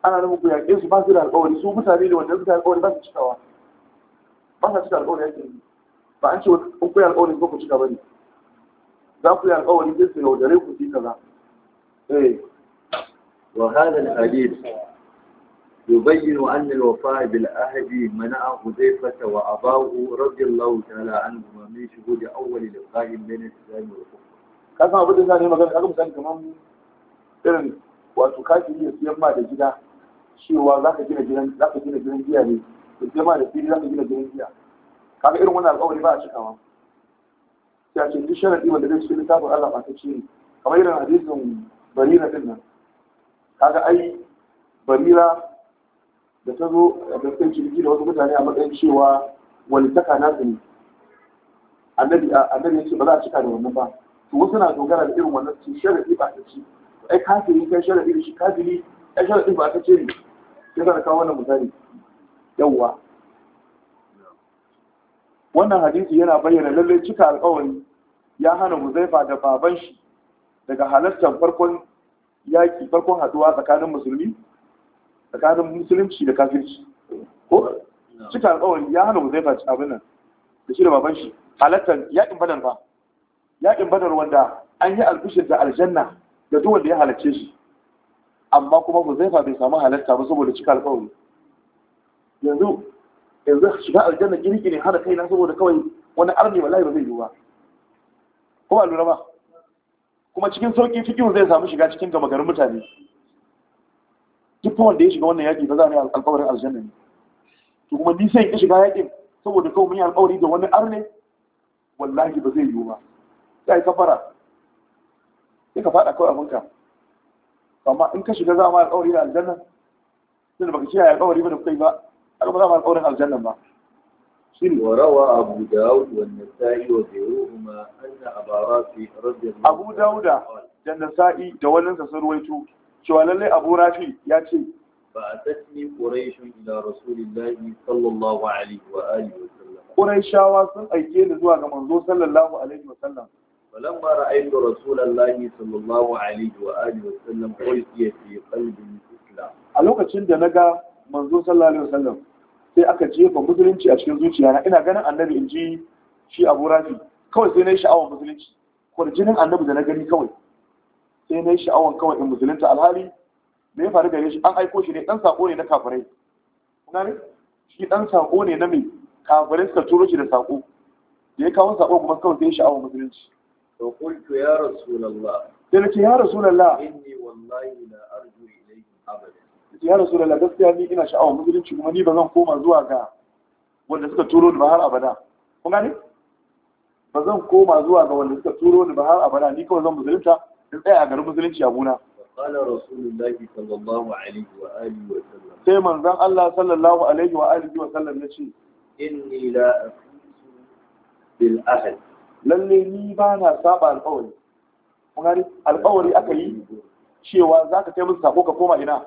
ana nufin ku yaƙe su ba su da alƙawari su mutane ne wanda suka alƙawari ba su cikawa ba sa cika alƙawari yake ba an ce in ku alƙawari ba ku cika ba ne za ku yi alƙawari zai su rai ku fi kaza eh. wa hada al-hadith يبين أن الوفاء بالعهد منع حذيفة وأباه رضي magana irin wato kashi ya siyan ma da gida cewa za ka gina gidan za ka gina gidan giya ne Da sai ma da fili za ka gina gidan giya kaga irin wannan alƙawari ba a cikawa ya ce duk sharadi wanda zai cikin littafin Allah ba ta ce ne kamar irin hadisin barira din nan kaga ai barira da ta zo a ta ciniki da wasu mutane a matsayin cewa walitaka na su ne annabi ya ce ba za a cika da wannan ba to wasu na dogara da irin wannan cikin sharadi ba ta ce ai kafiri kai sharadi da shi kafiri ai sharadi ba ta ce ne sai ka kawo wannan misali yawwa wannan hadisi yana bayyana lallai cika alƙawari ya hana Huzaifa da baban shi daga halartar farkon yaƙi farkon haɗuwa tsakanin musulmi tsakanin musulunci da kafirci ko cika alƙawari ya hana Huzaifa abin nan da shi da baban shi halartar yaƙin badar ba yaƙin badar wanda an yi alfishir da aljanna da duk wanda ya halarce shi amma kuma zai bai samu halarta ba saboda cika alƙawari yanzu yanzu shiga aljanna ne hana kaina saboda kawai wani arni wallahi ba zai yiwu ba ko ba lura ba kuma cikin sauƙi fikihu zai samu shiga cikin gama garin mutane duk wanda ya shiga wannan yaki ba za a yi alƙawarin aljanna ne to kuma ni sai in shiga yaƙin saboda kawai mun yi alƙawari da wani arne wallahi ba zai yiwu ba sai kafara duka faɗa kawai abinka amma in ka shiga za ma alƙawari aljannan tun da ce ya kawari ba da kai ba aka ba za ma alƙawarin aljannan ba shi ne warawa abu dawud wa nasa'i wa beruhuma anna abarafi radiyallahu abu dawuda da nasa'i da wannan sa sarwaito cewa lalle abu rafi ya ce ba a tasni quraishun ila rasulillahi sallallahu alaihi wa alihi wa sallam quraishawa sun aike ni zuwa ga manzo sallallahu alaihi wa sallam فلما رأيت رسول الله صلى الله عليه وآله وسلم قلت في قلب الإسلام a lokacin da naga صلى الله عليه وسلم sai aka jefa musulunci a cikin zuciyana ina ganin annabi in ji shi Abu Rafi kawai sai na yi sha'awar musulunci kwarjinin annabi da na gani kawai sai na yi sha'awar kawai in musulunta alhali me ya faru gare shi an aiko shi ne dan sako ne na kafirai kuna ne shi dan sako ne na mai kafirai suka turo shi da sako da ya kawo sako kuma kawai sai sha'awar musulunci fa qultu ya rasulullah sai ce ya rasulullah inni wallahi la arju ilayhi abada ya rasulullah gaskiya ni ina sha'awar musulunci kuma ni ba zan koma zuwa ga wanda suka turo ni ba har abada kun gane ba zan koma zuwa ga wanda suka turo ni ba har abada ni kawai zan musulunta in tsaya a garin musulunci a buna قال رسول الله صلى wa sallam. Sai وسلم Allah sallallahu الله صلى الله عليه وآله وسلم Inni إني لا bil ahad. lalle ni ba na saba alƙawari kun alƙawari aka yi cewa za ka kai musu sako ka koma ina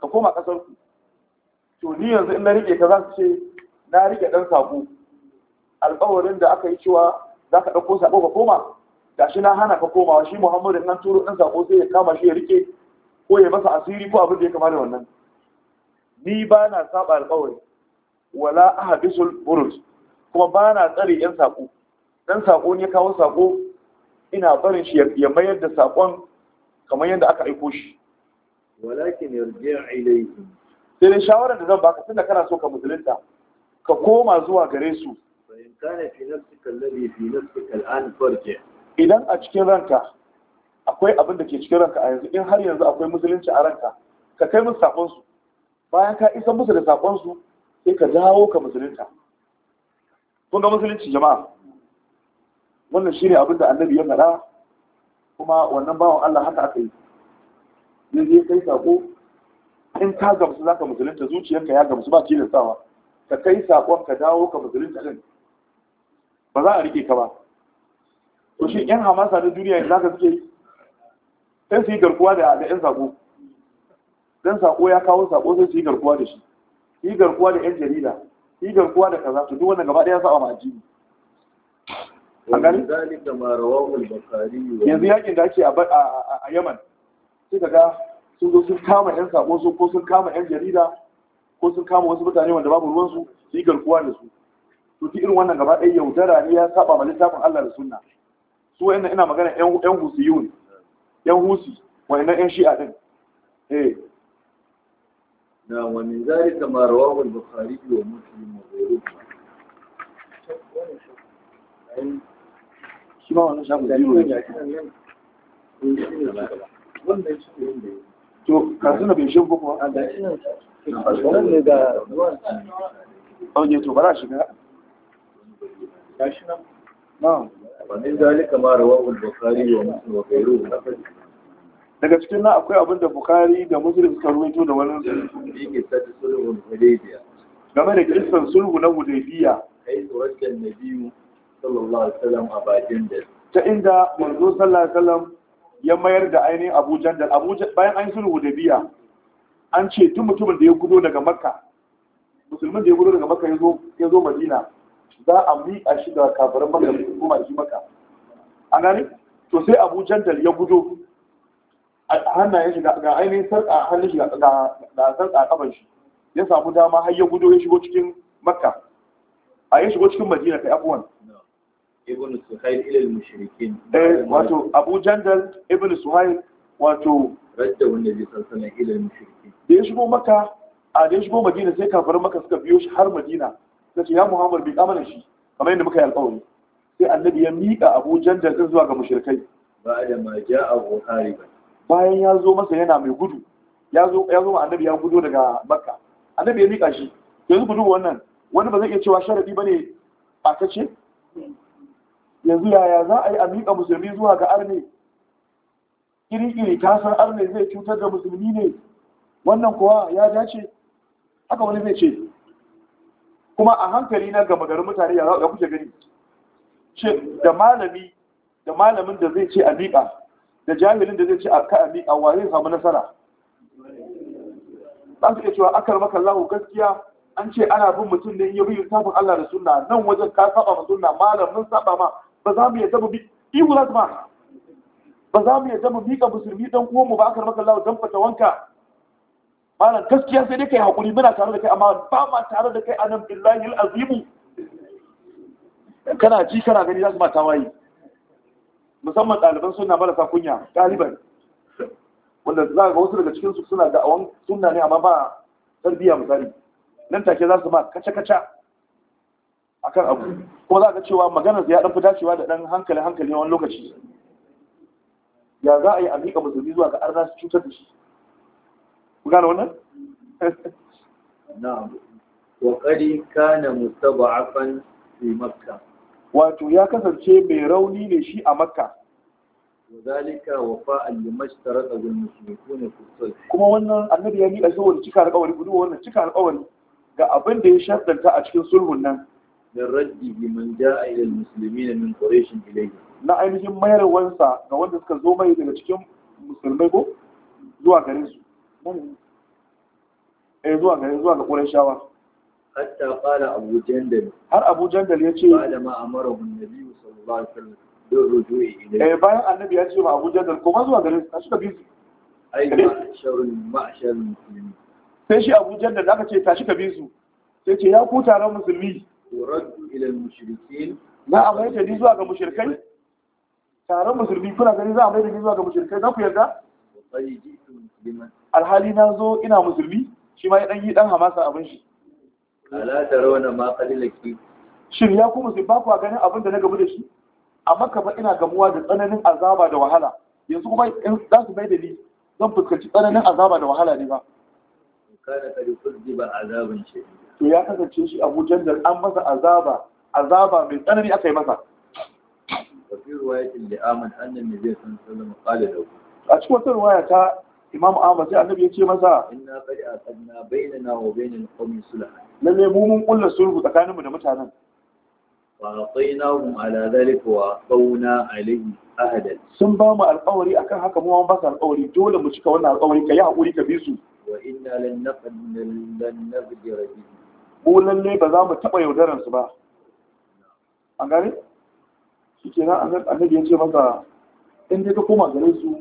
ka koma ƙasar ku to ni yanzu in na rike ka za su ce na rike ɗan sako alƙawarin da aka yi cewa za ka ɗauko sako ka koma gashi na hana ka komawa shi muhammadu nan turo ɗan sako sai ya kama shi ya rike ko ya masa asiri ko abin da ya kama da wannan ni ba na saba alƙawari wala ahadisul burus kuma ba na tsare yan sako dan sako ya kawo sako, ina barin shi ya mayar da saƙon kamar yadda aka aiko shi walakin yarji'a ilayhi sai dai shawarar da zan baka tunda kana so ka musulunta ka koma zuwa gare su idan a cikin ranka akwai abin da ke cikin ranka a yanzu in har yanzu akwai musulunci a ranka ka kai musu saƙonsu bayan ka isa musu da saƙonsu sai ka dawo ka musulunta kun ga musulunci jama'a wannan shi ne abinda annabi ya faɗa kuma wannan bawan Allah haka aka yi ne zai kai sako in ka gamsu za ka musulunta zuciyarka ya gamsu ba tilin sawa ka kai sakon ka dawo ka musulunta din ba za a rike ka ba to shi yan hamasa na duniya yanzu ka suke sai su yi garkuwa da yan sako dan sako ya kawo sako sai su yi garkuwa da shi yi garkuwa da yan jarida yi garkuwa da kaza to duk wannan gaba ɗaya sa'a ma addini yanzu yakin da ake a Yaman sai ga sun zo sun kama yan sabo su ko sun kama yan jarida ko sun kama wasu mutane wanda babu ruwan su su yi garkuwa da su to fi irin wannan gaba ɗaya yaudara ne ya saba ma littafin Allah da sunna su wa'annan ina magana yan yan husiyun yan husi wa'annan yan shi'a din eh na wa min zalika ma rawahu al-bukhari shi ma to da bai a da shiga bukhari wa daga cikin nan akwai abin da bukari da muslim suka ruwaito da wani game da kisan sulhu na hudaybiya kai nabiyu sallallahu ta inda manzo sallallahu alaihi wasallam ya mayar da ainihin Abu Jandal Abu bayan an sulhu Hudaybiya an ce tun mutumin da ya gudo daga Makka musulmin da ya gudo daga Makka yazo yazo Madina za a miƙa shi da kafirin Makka su koma shi Makka an gane to sai Abu Jandal ya gudo hannayen shi ga ainihin sarƙa hannun shi ga sarƙa kafan shi ya samu dama har ya gudo ya shigo cikin Makka a ya shigo cikin Madina kai abuwan ibn suhail ila mushrikin eh, wato abu jandal ibn suhail wato radda wanda ji sansanin ila mushrikin da ya shigo maka a da ya shigo madina sai kafirin maka suka biyo shi har madina sai ya muhammad bi amana shi kamar yadda muka yi alƙawari sai annabi ya miƙa abu jandal din zuwa ga mushrikai ba da ma ja'ahu ba. bayan ya zo masa yana mai gudu ya zo ya zo annabi ya gudo daga makka annabi ya miƙa shi yanzu ku duba wannan wani ba zai iya cewa sharadi bane ba ta ce yanzu yaya za a yi a miƙa musulmi zuwa ga arne iri ta san arne zai cutar da musulmi ne wannan kuwa ya dace haka wani zai ce kuma a hankali na gama garin mutane ya zaɓa kuke gani ce da malami da malamin da zai ce a miƙa da jahilin da zai ce a ka a miƙa wa zai samu nasara za su iya cewa akar maka lahu gaskiya an ce ana bin mutum ne ya bi littafin Allah da sunna nan wajen ka saba ma sunna malam mun saba ma ba za mu yadda mu bi ihu za ma ba za mu yadda mu ka musulmi dan mu ba aka maka Allah dan fata wanka malam gaskiya sai dai kai hakuri muna tare da kai amma ba ma tare da kai anan billahi azimu kana ji kana gani za su ma tawaye musamman ɗaliban suna marasa kunya ɗaliban wanda za ga wasu daga cikinsu suna da awon sunna ne amma ba tarbiyya misali nan take za su ma kaca-kaca akan abu kuma za ka cewa maganar ya dan fita dacewa da dan hankali hankali wani lokaci ya za a yi a miƙa musulmi zuwa ga arna su cutar da shi ku gane wannan na'am wa qadi kana mustaba'afan fi makka wato ya kasance mai rauni ne shi a makka wazalika wafa al-mashtara da mushrikun fi kuma wannan annabi ya miƙa wani cika alƙawari gudu wannan cika alƙawari ga abin da ya shaddanta a cikin sulhun nan min raddihi man ja'a ila al-muslimina min quraish ilayhi na ainihin mayar wansa ga wanda suka zo mai daga cikin musulmai ko zuwa gare su eh zuwa gare zuwa ga qurayshawa hatta qala abu jandal har abu jandal yace bada ma amarahu an-nabi sallallahu alaihi wasallam da rujui ilayhi eh bayan annabi ya ce ma abu jandal kuma zuwa gare su tashi ka bi ai ma'sharun ma'sharun muslimin sai shi abu jandal aka ce tashi ka bi sai ce ya ku taron musulmi na a mai da zuwa ga mushrikai taron musulmi kuna gani za a mai da zuwa ga mushrikai za ku yarda alhali na zo ina musulmi shi ma ya ɗan yi dan hamasa abin shi shin ya ku musulmi ba ku ganin abin da na gabu da shi amma ka ba ina gamuwa da tsananin azaba da wahala yanzu kuma in za su mai da ni zan fuskanci tsananin azaba da wahala ne ba kana kadi kulli ba azabin shadid to ya kasance shi abu jandar an masa azaba azaba mai tsanani aka yi masa a cikin wata ruwaya ta imamu ahmad sai annabi ya ce masa inna qad aqadna bainana wa mu mun kullu sulhu tsakaninmu da mutanen sun ba mu alƙawari akan haka mu ba su dole mu cika wannan alkawari ka yi haƙuri ka bi su wa inna ko lalle ba za mu taɓa yaudarar su ba an gane shi ke nan annabi ya ce maka. in dai ka koma gare su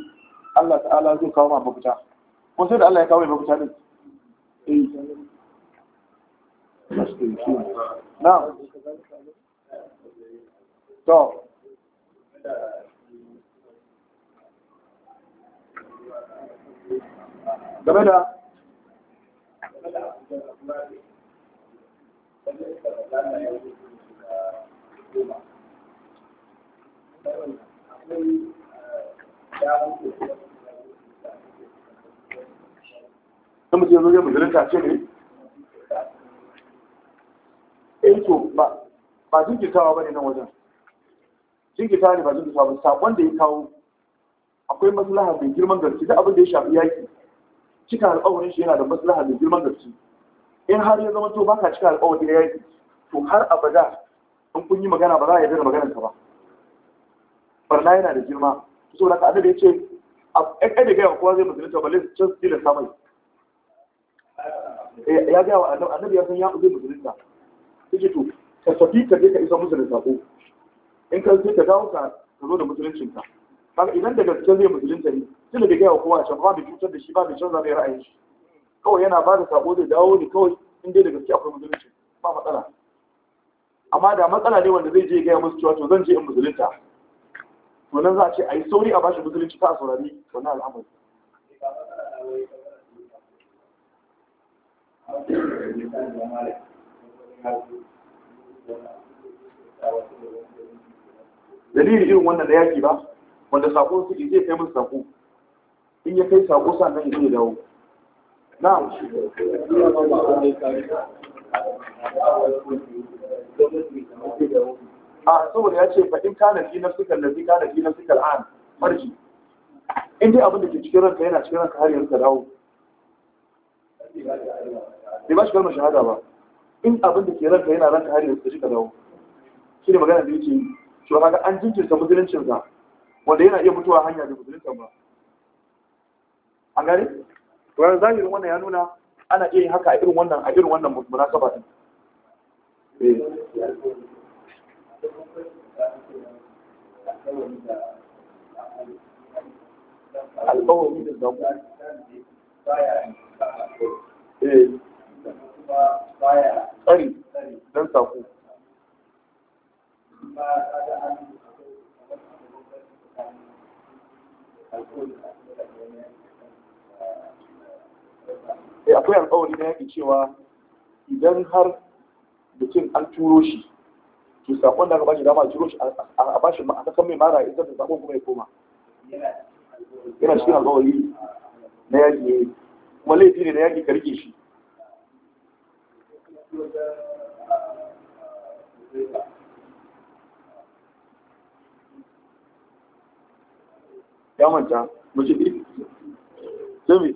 Allah ta'ala zai kawo ma mafita Kun sai da Allah ya kawo mafita din eh. na to game da na mutum yanzu ya musulunta ce ne? eh to ba jinkitawa ba ne nan wajen jinkitawa ne ba jinkitawa ba sakon da ya kawo akwai maslaha mai girman gaske da abin da ya shafi yaki cika alƙawarin shi yana da maslaha mai girman gaske in har ya zama to ka cika alƙawari da ya yi to har abada in kun yi magana ba za a yi zira maganar ka ba barna yana da girma so da annabi ya ce a kai da gaya kowa zai musulunta ba? Balin can tilasta samai eh, ya gaya wa annabi ya san ya zai musulunta ya ce to ka tafi ka je ka isa musu da sako in ka je ka dawo ka ka zo da musuluncinka kaga idan da gaske zai musulunta ne ne bai gaya wa kowa can ba bai cutar da shi ba bai canza mai ra'ayin shi kawai yana ba da sako zai dawo ne kawai in dai da gaske akwai musulunci ba matsala amma da matsala ne wanda zai je gaya musu cewa to zan je in musulunta to nan za a ce a yi sauri a bashi musulunci ta saurari wannan al'amari dalilin irin wannan da yaki ba wanda sako suke zai kai musu sako in ya kai sako sa nan ya dawo نعم a ah, saboda ya ce fa in kana fi nafsika allazi kana fi nafsika al'an marji in dai abin da ke cikin ranka yana cikin ranka har yanzu ka dawo bai ba shi kalmar shahada ba in abin da ke ranka yana ranka har yanzu ka dawo shi ne magana da yake yi cewa kaga an jinkirta musuluncinsa wanda yana iya mutuwa hanya da musulunta ba an gane to zahirin wannan ya nuna ana iya yin haka a irin wannan a irin wannan munasaba din eh. alƙawari da Eh, akwai alƙawari na yaƙi cewa idan har mutum an turo shi to sakon da aka bashi dama a turo shi a bashi a kakan mai mara da sakon kuma ya koma yana cikin alƙawari na yaƙi kuma laifi ne na yaƙi ka rike shi ya manta mace ɗin eh,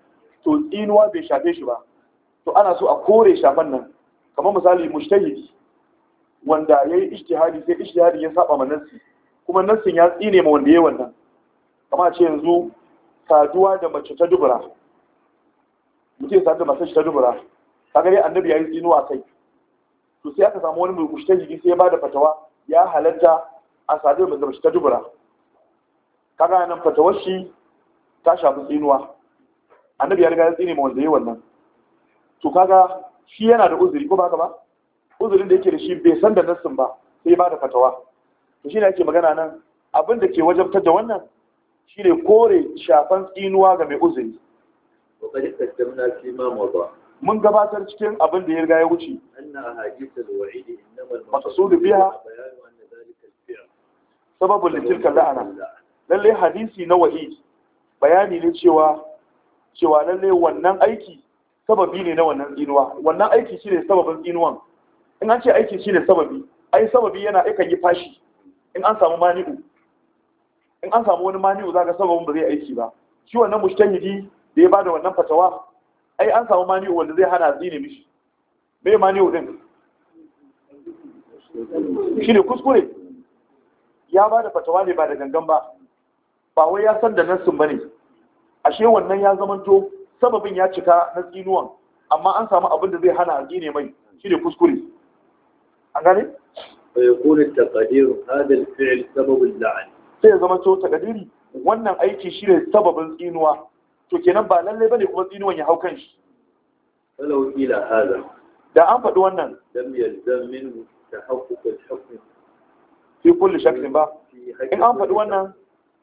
to inuwa bai shafe shi ba to ana so a kore shafan nan kamar misali mujtahidi wanda yayi ijtihadi sai ijtihadi ya saba ma nassi kuma nassin ya tsine ma wanda yayi wannan kamar ce yanzu saduwa da mace ta dubura mutum ya sadu da mace ta dubura kaga dai annabi yayi tsinuwa kai to sai aka samu wani mai mujtahidi sai ya bada fatawa ya halatta a sadu da mace ta dubura kaga nan fatawar shi ta shafi tsinuwa annabi ya riga ya tsine ma wanda yayi wannan to kaga shi yana da uzuri ko ba ba uzurin da yake da shi bai san da nassin ba sai ba da fatawa to shi ne magana nan abin da ke wajabtar da wannan shi ne kore shafan tsinuwa ga mai uzuri mun gabatar cikin abin da ya riga ya wuce maqsudu biha sababul tilka la'ana lalle hadisi na wa'id bayani ne cewa cewa lalle wannan aiki sababi ne na wannan tsinuwa wannan aiki shine sababin tsinuwan in an ce aiki shine sababi ai sababi yana ikan yi fashi in an samu mani'u in an samu wani mani'u zaka sababin ba zai aiki ba shi wannan mushtahidi da ya bada wannan fatawa ai an samu mani'u wanda zai hana tsine mishi me mani'u din shine kuskure ya bada fatawa ne ba da gangan ba ba wai ya san da nassin bane ashe wannan ya zamanto sababin ya cika na tsinuwan amma an samu abin da zai hana addini mai shi ne kuskure an gane bai kone takadir hadal fi'il sababin la'ani. sai ya zamanto takadiri wannan aiki shi ne sababin tsinuwa to kenan ba lallai bane kuma tsinuwan ya hau kan shi falau ila hada da an faɗi wannan lam yalzam minhu tahaqquq al fi kulli shakkin ba in an faɗi wannan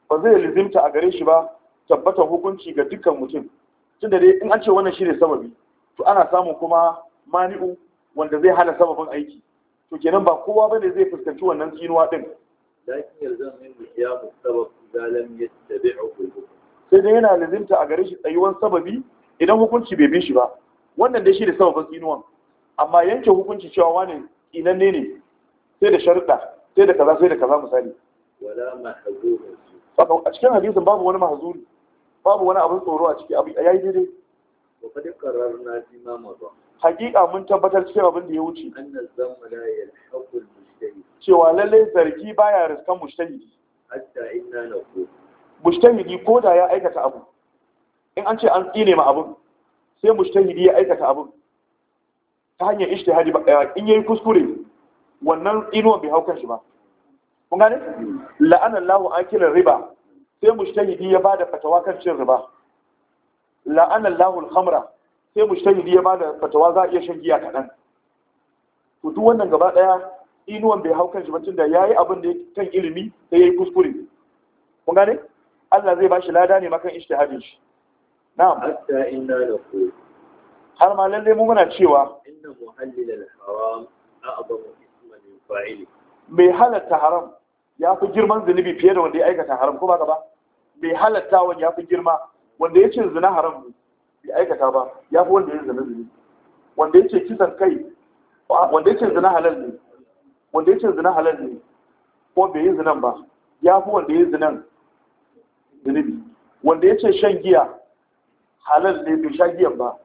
ba zai lizimta a gare shi ba tabbatar hukunci ga dukkan mutum tun da dai in an ce wannan shi ne sababi to ana samun kuma mani'u wanda zai hana sababin aiki to kenan ba kowa ba ne zai fuskanci wannan tsinuwa din sai dai yana lazimta a gare shi tsayuwan sababi idan hukunci bai bi shi ba wannan dai shi ne sababin tsinuwan amma yanke hukunci cewa wani inanne ne sai da sharuɗa sai da kaza sai da kaza misali a cikin hadisin babu wani mahazuri babu wani abin tsoro a ciki abu yayi yi wa fa dukkan na ji ma ba. hakika mun tabbatar cikin abin da ya wuce annal zamma la yalhaqul mujtahid cewa lalle zargi baya riskan mujtahidi hatta inna naqul mujtahidi ko da ya aikata abu in an ce an tsine ma abin, sai mujtahidi ya aikata abun ta hanyar ijtihadi eh, in yayi kuskure wannan inuwan bai haukan shi ba kun gane hmm. lahu an akila riba sai mujtahidi ya bada fatawa kan cin riba la'ana lahul khamra sai mujtahidi ya bada fatawa za a iya shan giya kaɗan to duk wannan gaba ɗaya inuwan bai hau kan shi ba tunda yayi abin da kan ilimi sai yayi kuskure kun gane Allah zai bashi lada ne makan ijtihadin shi na'am hatta inna lahu har ma lalle mu muna cewa inna muhallilal haram a'zamu isman fa'ili mai halatta haram ya fi girman zunubi fiye da wanda ya aikata haram ko ba ka ba mai halatta wani ya fi girma wanda ya ce zina haram ne bai aikata ba ya fi wanda ya zina zini wanda ya ce kisan kai wanda ya ce zina halal ne wanda ya ce zina halal ne ko bai yi zinan ba ya fi wanda ya zinan zunubi wanda ya ce shan giya halal ne bai sha giyan ba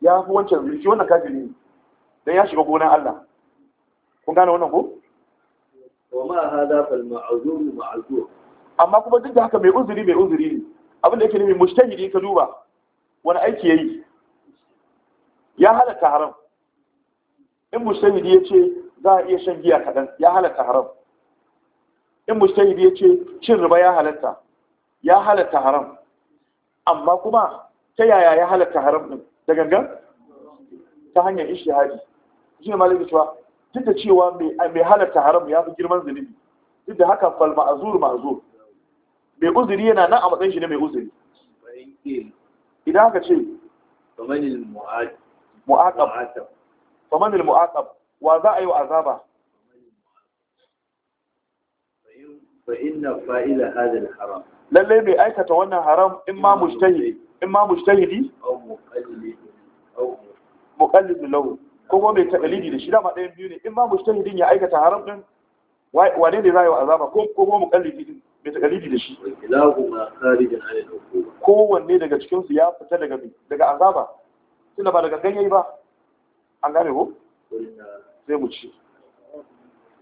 ya fi wancan zunubi shi wannan kafiri ne dan ya shiga gonan Allah kun gane wannan ko wa ma hada fal ma'zur ma'zur amma kuma duk da haka mai uzuri mai uzuri ne abinda yake nufi mushtahidi ka duba wani aiki yayi ya halatta haram in mushtahidi ya ce za a iya shan giya kaɗan ya halatta haram in mushtahidi ya ce cin riba ya halatta ya halatta haram amma kuma ta yaya ya halatta haram ɗin da gangan ta hanyar ishihadi shi ne malami cewa duk da cewa mai halatta haram ya fi girman zunubi duk da haka fal ma'azur ma'azur mai uzuri yana nan a matsayin shi ne mai uzuri idan aka ce famanil mu'aqab wa za a yi wa azaba lalle mai aikata wannan haram in ma mujtahidi in ma mujtahidi muqallid lahu ko mai takalidi da shi da ɗayan biyu ne in ma mujtahidin ya aikata haram din wane ne za a yi wa azaba ko kuma muqallidi din bai ta da shi kowanne daga cikinsu ya fita daga daga azaba tunda ba daga ganyayi ba an gane ko sai mu ci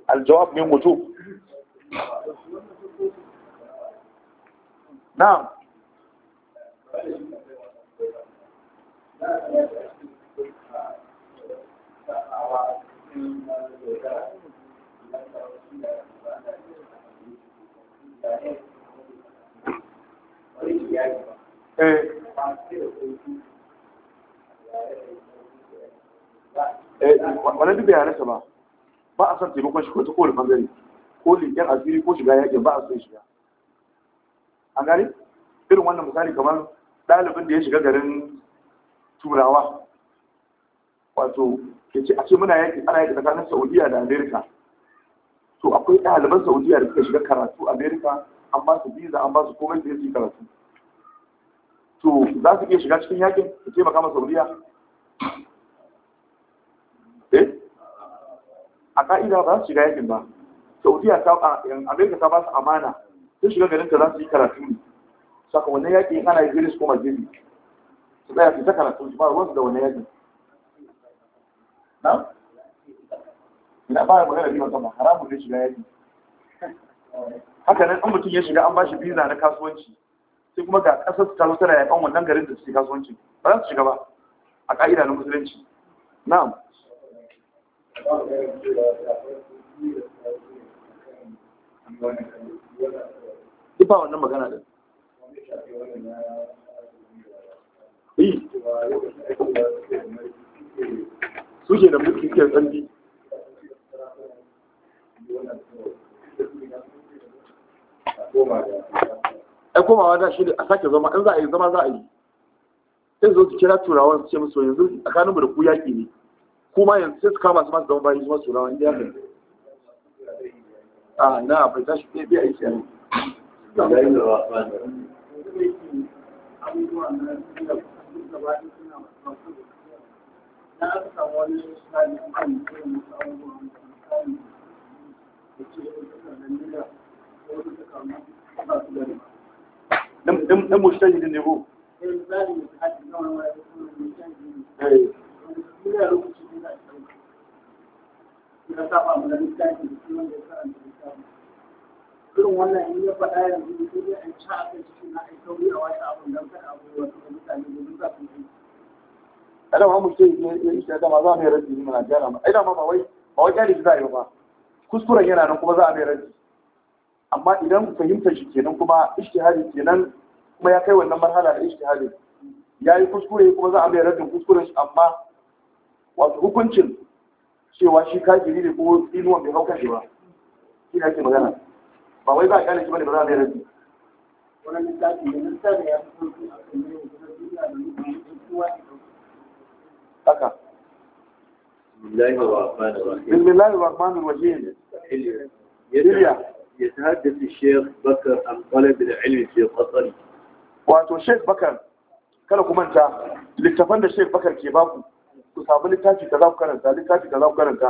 aljawab min wuju na'am Thank you. Eh, wannan duk rasa ba ba a san taimakon shi ko ta kowane bangare ko liƙen asiri ko shiga yakin ba a san shiga an gari irin wannan misali kamar ɗalibin da ya shiga garin turawa wato ke ce a ce muna yaƙi ana yaƙi tsakanin saudiya da amerika to akwai ɗaliban saudiya da suka shiga karatu amerika an ba su visa an ba su komai da su karatu to za su iya shiga cikin yakin su ce ma saudiya eh a ka'ida ba su shiga yakin ba saudiya ta amerika ta ba su amana sun shiga garin ta za su yi karatu ne saka wannan in ana yi zai su koma jiri su tsaya su ta karatu su ba ruwansu da wannan yakin na ina ba ya magana riban kama haramun ne shiga yaki haka nan in mutum ya shiga an ba shi biza na kasuwanci sai kuma ga kasar su talo tana yakan wannan garin da suke kasuwanci ba za su shiga ba a ƙa'ida na musulunci na'am duk ba wannan magana da suke da mulki suke tsanbi ai wa da shi a sake zama in za a yi zama za a yi in zo su kira turawan su ce musu yanzu a kanu da ku yaƙi ne kuma yanzu sai su kama su masu zama bayan su masu turawan inda yaƙi ah, a na bai tashi ɗaya biya aiki a yi na dan mushtahidin ne ko eh. irin wannan in ya faɗa yanzu sai ya ci a kan cikin na ai a wata abun dan kada abu wasu da mutane da duka su yi kada ma mu ce ya isha da ma za mu yi rabbi mun ajara ma ai da ma ba wai ba wai kare za a yi ba kuskuren yana nan kuma za a mai rabi amma idan fahimtar shi kenan kuma ishtihadi kenan kuma ya kai wannan marhala da ishtihadi ya yi kuskure kuma za a mai rabin kuskuren shi amma wasu hukuncin cewa shi kafiri ne ko inuwan bai hauka shi ba shi ne ake magana ba wai ba a kyale shi bane ba za a mai rabi wani littafi da ya fi a da haka بسم الله الرحمن الرحيم يتحدث الشيخ بكر عن طلب العلم في قطر wato Sheikh Bakar kala ku manta littafan da Sheikh Bakar ke baku ku samu littafi kaza ku karanta littafi kaza ku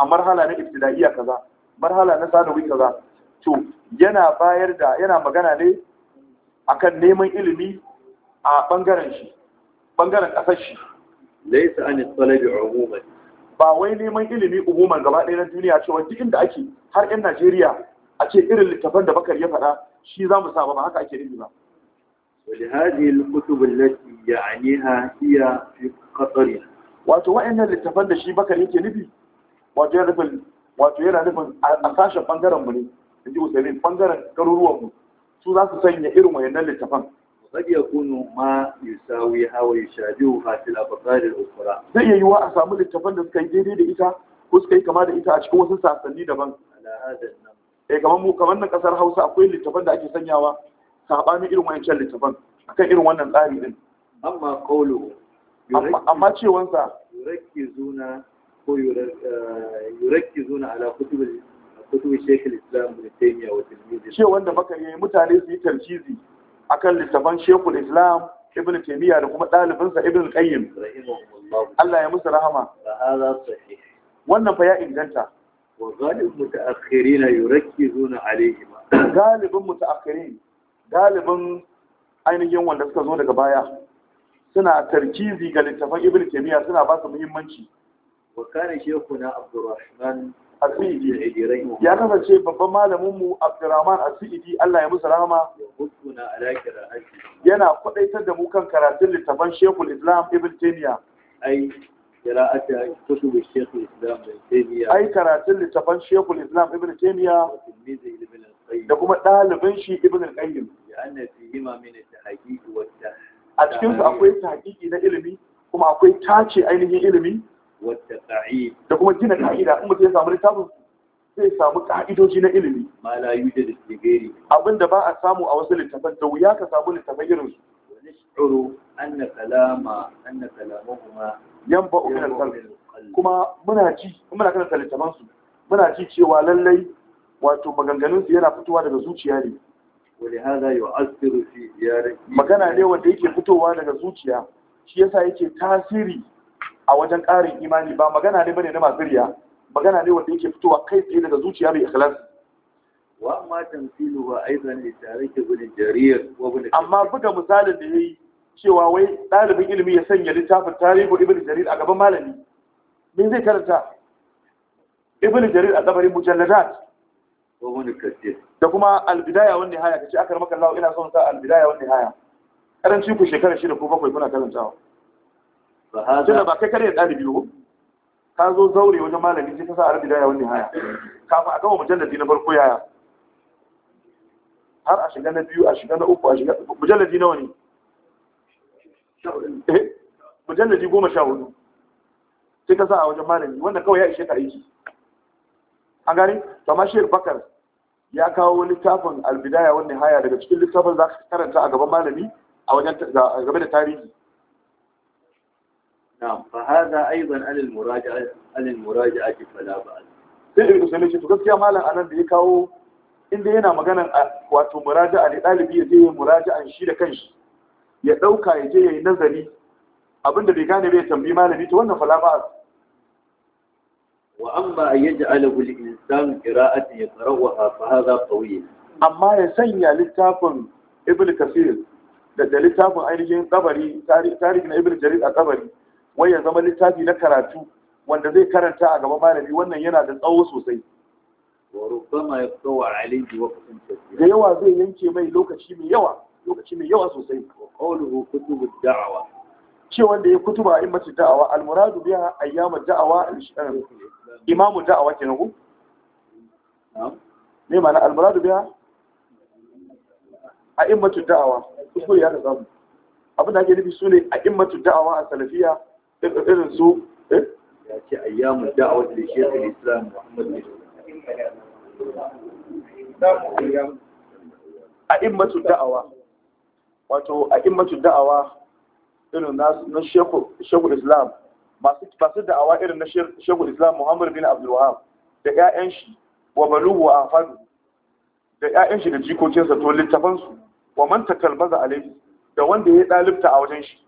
a marhala na ibtida'iyya kaza marhala na sanawi kaza to yana bayar da yana magana ne akan neman ilimi a bangaren shi bangaren kasar shi laysa an talabi umuman ba wai neman ilimi umuman gaba ɗaya na duniya cewa duk da ake har 'yan Najeriya a ce irin littafan da Bakar ya faɗa shi za mu saba ba haka ake nufi ba. Wani ولهذه الكتب التي يعنيها هي في قطر wato wa'annan littafan da shi bakar yake nufi wato yana nufin wato yana nufin a sashen bangaren mu ne ji usaimin bangaren garuruwan mu su za su sanya irin wa'annan littafan قد يكون ما يساويها ويشابهها في الأفكار الأخرى zai iya yiwa a samu littafan da suka yi daidai da ita ko suka yi kama da ita a cikin wasu sasanni daban eh kamar mu kamar nan kasar Hausa akwai littafan da ake sanyawa sabanin irin wayancan littafan akan irin wannan tsari din amma qawlu amma cewan sa yurakizuna ko yurakizuna eh, ala kutubi kutubi Sheikh al-Islam Ibn Taymiyyah wa tilmizi cewan da baka mutane su yi tarjizi akan littafan shekul islam ibn taymiya da kuma ɗalibinsa ibn qayyim Allah ya musu rahama wannan fa ya inganta wa galibin mutaakhirin yurakkizuna galibin mutaakhirin galibin ainihin wanda suka zo daga baya suna tarkizi ga littafan ibn taymiya suna ba su muhimmanci wa kana shekuna abdurrahman ya kasance babban malaminmu abdurrahman asidi allah ya musu rahama yana kwadaitar da mu kan karatun littafan shekul islam ibn taymiya ai ai karatun littafan shekul islam ibn taymiya da kuma dalibin shi ibn al-qayyim a cikinsu akwai tahqiqi na ilimi kuma akwai tace ainihin ilimi da kuma gina ka'ida in mutum ya samu littafin zai samu ka'idoji na ilimi ma la abinda ba a samu a wasu littafan da wuya ka samu littafan irin su nashuru anna kalama anna kuma muna ji muna karanta littafan su muna ji cewa lallai wato maganganun su yana fitowa daga zuciya ne magana ne wanda yake fitowa daga zuciya shi yasa yake tasiri a wajen ƙarin imani ba magana ne bane na masu riya magana ne wanda yake fitowa kai tsaye daga zuciya mai ikhlas wa amma tamthilu wa aidan li tarik ibn jarir wa ibn amma buga misalin da yayi cewa wai ɗalibin ilimi ya sanya littafin tarihu ibn jarir a gaban malami me zai karanta ibn jarir a tsabarin mujalladat da kuma albidaya wani haya kace akar maka Allah ina son sa albidaya wani haya karanci ku shekara shida ko bakwai kuna karantawa tunda ba kai kare ɗalibi ba ka zo zaure wajen malami sai ka sa arabi daya wani haya kafin a gama mujalladi na farko yaya har a shiga na biyu a shiga na uku a shiga mujalladi nawa ne eh, mujalladi goma sha hudu sai ka sa a wajen malami wanda kawai ya ishe ka aiki an gani kama shehu bakar ya kawo littafin albidaya wani haya daga cikin littafin za ka karanta a gaban malami a wajen game da tarihi na'am fa hada aidan al muraja'a al muraja'ati fala ba'd sai da kusa gaskiya malam anan da ya kawo inda yana maganan wato muraja'a ne dalibi ya je ya shi da kanshi ya dauka ya je ya yi nazari abinda bai gane bai tambayi malami to wannan fala wa amma yaj'alu al insanu qira'atan yaqra'uha fa hada qawiy amma ya sanya littafin ibn kasir da littafin ainihin tsabari tarihi na ibn jarir a tsabari wai ya zama littafi na karatu wanda zai karanta a gaban malami wannan yana da tsawo sosai da yawa zai yanke mai lokaci mai yawa lokaci mai yawa sosai ce wanda ya kutuba a immatu da'awa almuradu biha ayyamu da'awa imamu da'awa ke ku ne mana almuradu biya a immatu da'awa kuskure ya ka samu abin da ake nufi su ne a immatu da'awa a salafiya irin su eh ya ce ayyamu da'awat li shaykh al-islam muhammad bin a da'awa wato a immatu da'awa irin na shekul islam masu da'awa irin na shekul islam muhammad bin abdulwahab da 'ya'yan shi wa baluhu a afadu da 'ya'yan shi da jikokinsa to littafansu wa man takalmaza alaihi da wanda ya ɗalibta a wajen shi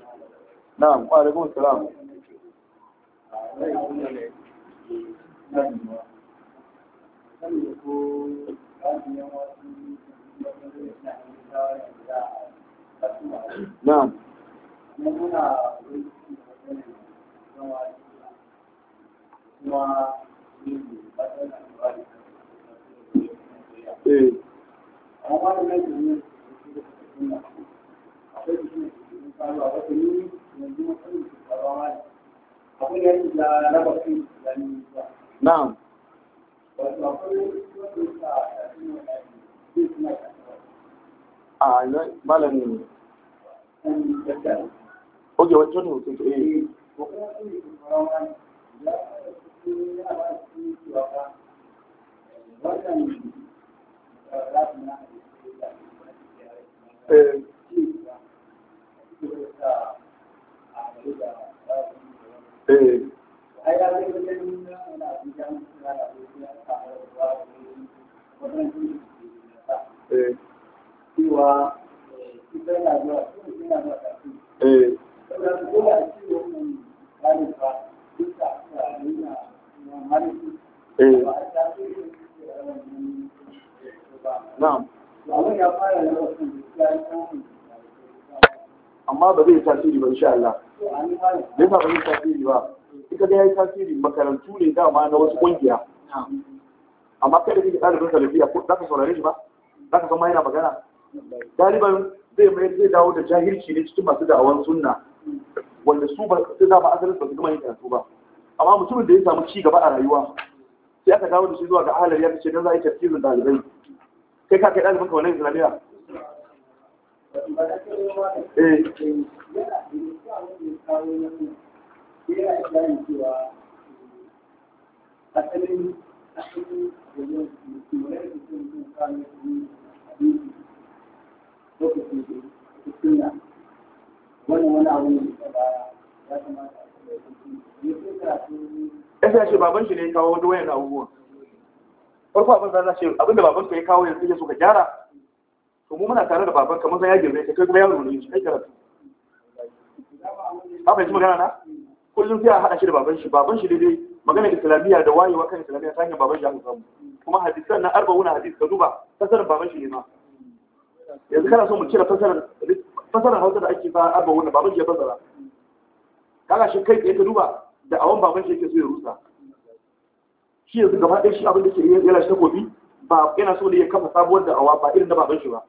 na'am wa alaikum salam na'am Eh. Amma da nan da ne akwai da shi ne a wata ne na'am a malam oge wancan hoton ke yi eh cewa ita yana zuwa yana zuwa tafi. Eh. Saboda na yi amma ba zai tasiri ba insha Allah bai ba zai tasiri ba ita ga yayi tasiri makarantu ne dama na wasu kungiya amma kai da kike ɗalibin salafiya ko zaka saurare shi ba zaka san ma yana magana Daliban zai mai zai dawo da jahilci ne cikin masu da'awan sunna wanda su ba su da ba asalin ba su gama yin karatu ba amma mutumin da ya samu ci gaba a rayuwa sai aka dawo da shi zuwa ga ahalar ya ce dan za a yi tafsirin ɗalibai kai ka kai ɗalibin ka wannan islamiyya ya ce baban shi ne ya kawo wani wayan abubuwan farko abin da za ce abin da baban ka ya kawo yanzu ya so ka gyara kuma muna tare da babanka kamar ya girme ka kai kuma yaro ne kai karatu ka fahimci magana na kullum sai a haɗa shi da baban shi baban shi daidai magana islamiyya da wayewa kan islamiyya ta hanyar baban shi aka samu kuma hadisan na arba hadis ka duba fasarar baban shi ne ma yanzu kana so mu cire fasarar fasarar hausa da ake fa arba wani baban shi ya fasara kaga shi kai tsaye ka duba da awon baban shi yake so ya rusa shi yanzu gaba ɗaya shi abin da ke yana shi takobi ba yana so ne ya kafa sabuwar da awa ba irin na baban shi ba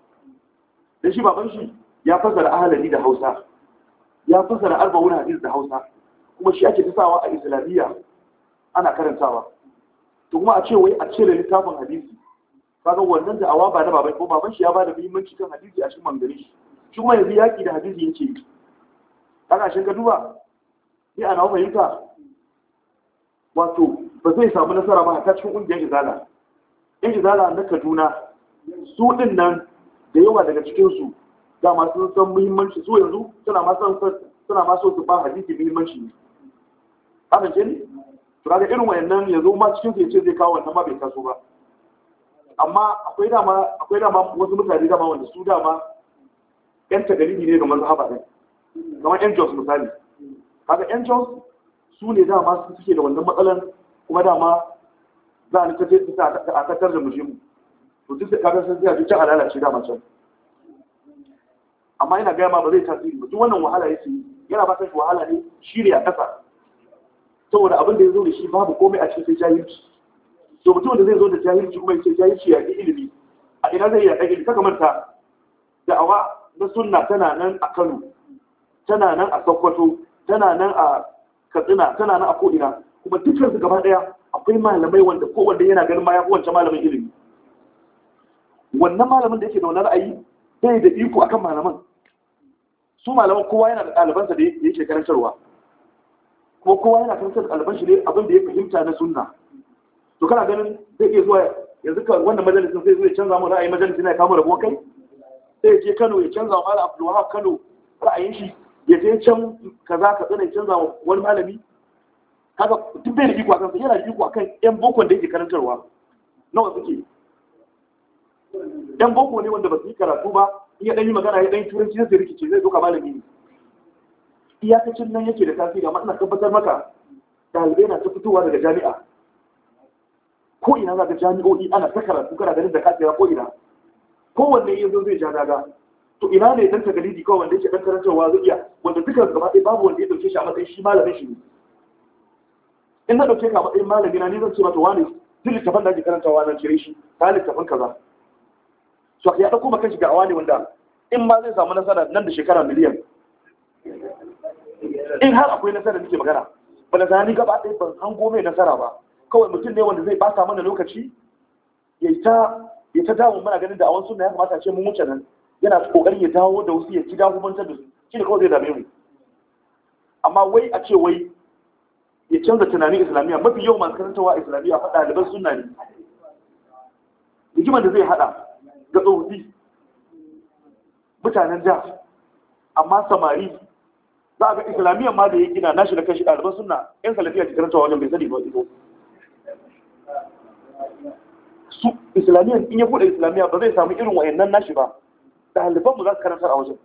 da shi baban shi ya fasara ahalari da hausa ya fasara arba'un hadis da hausa kuma shi ake tasawa a islamiyya ana karantawa to kuma a ce wai a cire littafin hadisi kaga wannan da awa ba na baban ko baban shi ya bada muhimmanci kan hadisi a cikin mangare shi shi kuma yanzu yaki da hadisi yake kaga shin ka duba ni ana fahimta wato ba zai samu nasara ba ta cikin ƙungiyar izala in izala na kaduna su ɗin nan da yawa daga cikinsu dama sun san muhimmanci su yanzu suna ma suna so su ba hadisi muhimmanci ne haka ce ne to irin wayannan yanzu ma cikin su yace zai kawo wannan ma bai taso ba amma akwai dama akwai dama wasu mutane dama wanda su dama yan tagaribi ne ga mazhaba ne kamar yan jos misali kaga yan jos su ne dama su suke da wannan matsalan kuma dama za a ta a tattar da mujimu mu to duk da kaga sun tsaya duk can alala da mace amma yana gaya ma ba zai tasiri ba duk wannan wahala yake yana ba shi wahala ne shirya a ƙasa saboda abin da ya zo da shi babu komai a cikin sai jahilci to mutum da zai zo da jahilci kuma ya ce jahilci ya ƙi ilimi a ina zai yaƙi ilimi kaka manta da'awa na sunna tana nan a Kano tana nan a Sokoto tana nan a Katsina tana nan a ko'ina kuma dukkan su gaba ɗaya akwai malamai wanda wanda yana ganin ma ya fi malamin ilimi wannan malamin da yake da wannan ra'ayi sai da iko akan malaman su malaman kowa yana da ɗalibansa da yake karantarwa kuma kowa yana karantar ɗaliban shi ne abin da ya fahimta na sunna to kana ganin zai iya zuwa yanzu ka wannan majalisin zai ya canza mu ra'ayi majalisin ya kama rabuwa kai sai ya je Kano ya canza wa Malam Abdul Wahab Kano ra'ayin shi ya je can kaza ka tsana ya canza wa wani malami haka duk bai da iko akan yana da iko akan yan bokon da yake karantarwa nawa suke ɗan boko ne wanda ba su yi karatu ba iya ɗan yi magana ya ɗan turanci zai rikice zai doka malami ne iyakacin nan yake da tasiri amma ina tabbatar maka ɗalibai na ta fitowa daga jami'a ko ina za ka jami'o'i ana ta karatu kana ganin da kasira ko ina kowanne yanzu zai ja daga to ina ne ɗan tagalidi kawai wanda yake ɗan karantarwa zai iya wanda duka gaba ɗaya babu wanda ya ɗauke shi a matsayin shi malamin shi ne in na ɗauke ka a matsayin malami na ni zan ce mata wani duk littafin da ake karantawa nan cire shi ta littafin kaza so ya ɗauko dauko maka shi awa ne wanda in ma zai samu nasara nan da shekara miliyan in har akwai nasara nake magana ba da zani gaba ɗaya ban hango mai nasara ba kawai mutum ne wanda zai bata mana lokaci ya ta ya ta damu mana ganin da awon suna ya kamata a ce mun wuce nan yana kokarin ya dawo da wasu ya ci dawo mantar da su shi ne kawai zai dame mu amma wai a ce wai ya canza tunanin islamiyya mafi yau masu karantarwa islamiyya faɗa ɗaliban sunna ne rigiman da zai haɗa ga tsohi mutanen da amma samari za a ga islamiyya ma da ya gina nashi da kashi ɗaliban suna yan salafiya ke karanta wajen bai sani ba wajen su islamiyya in ya kuɗa islamiyya ba zai samu irin wayannan nashi ba ɗaliban mu za su karanta a wajen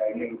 Thank you.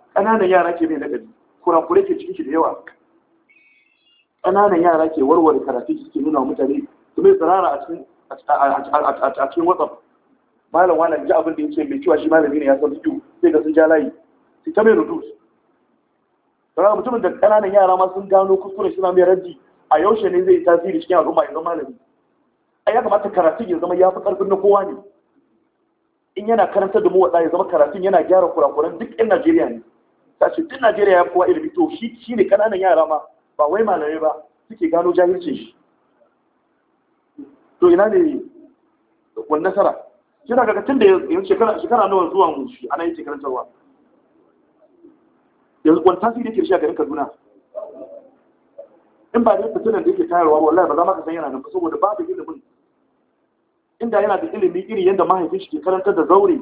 ƙananan yara ke mai ladabi kurakure ke cikin da yawa ƙananan yara ke warware karatu suke nuna wa mutane su mai tsirara a cikin whatsapp malam wala ji abin da yake mai cewa shi malami ne ya san fiƙi sai ga sun ja layi sai ta mai rudus saboda mutumin da ƙananan yara ma sun gano kuskure suna mai raddi a yaushe ne zai tasiri cikin al'umma ya zama malami ai ya kamata karatun ya zama ya fi ƙarfin na kowa ne in yana karanta da mu waɗa ya zama karatun yana gyara kurakuran duk 'yan Najeriya ne Kashi ce duk najeriya ya kowa ilimi to shi ne kananan yara ma ba wai malamai ba suke gano jahilcin shi to ina ne wani nasara shi na kaga da yanzu shekara nawa zuwa mu shi ana yin shekaran tarwa yanzu wani tasiri ke shi a garin kaduna in ba ne fitinan da yake tayarwa wallahi ba za ma ka san yana nan saboda babu ilimin inda yana da ilimi iri yadda mahaifin shi ke karantar da zaure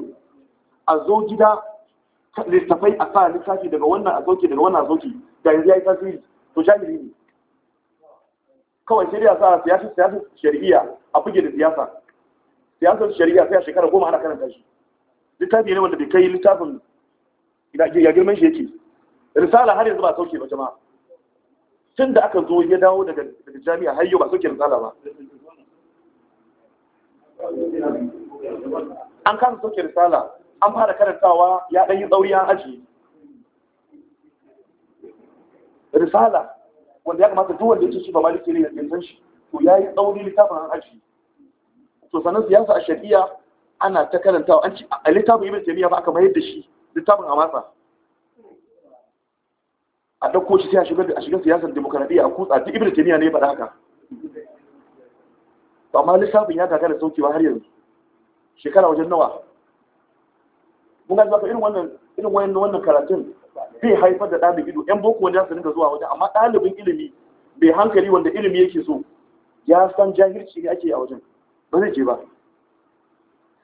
a zo gida littafai a sa littafi daga wannan a sauke daga wannan a sauke da yanzu ya yi tasiri to shahiri ne kawai shari'a sa siyasar siyasar shari'a a buge da siyasa siyasar shari'a sai a shekara goma ana karanta shi littafi ne wanda bai kai littafin ya girman shi yake risala har yanzu ba sauke ba jama'a tun da aka zo ya dawo daga jami'a har yau ba sauke risala ba an kasa sauke risala an fara karantawa ya ɗan yi tsauri an ajiye risala wanda ya kamata duk wanda ya ce shi ba maliki ne ya san shi to ya yi tsauri littafin an ajiye to sannan siyasa a shari'a ana ta karantawa an ci a littafin ibn taymiya ba aka mayar da shi littafin a matsa a ɗauko shi sai a shiga a shigar siyasar demokradiyya a kutsa duk ibn taymiya ne ya faɗa haka to amma littafin ya gagara saukewa har yanzu shekara wajen nawa Mun ga zaka irin wannan irin wannan wannan karatun zai haifar da ɗalibin ido yan boko wanda su dinga zuwa wajen amma ɗalibin ilimi bai hankali wanda ilimi yake so ya san jahilci ne ake a wajen ba zai je ba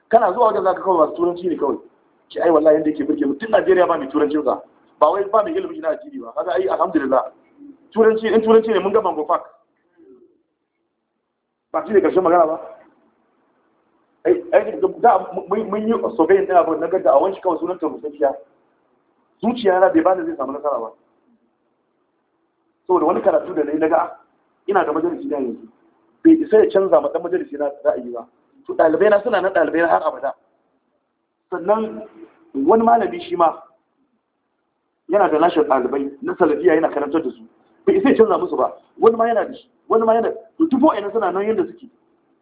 kana zuwa wajen zaka kawai masu turanci ne kawai ki ai wallahi yanda yake burge mu tun Najeriya ba mai turanci ba. ba wai ba mai ilimi na addini ba kaga ai alhamdulillah turanci in turanci ne mun ga bango park ba shi ne karshen magana ba ai da mun yi survey din abin na gadda a wani kawai sunan ta rusafiya zuciya na bai bani zai samu nasara ba saboda wani karatu da na nayi naga ah, ina da majalisi na yanzu bai isa ya canza ma dan majalisi na ra'ayi ba to dalibai na suna na dalibai har abada sannan wani malami shi ma yana da nashi ɗalibai na salafiya yana karantar da su bai isa ya canza musu ba wani ma yana da shi wani ma yana da duk ina suna nan yadda suke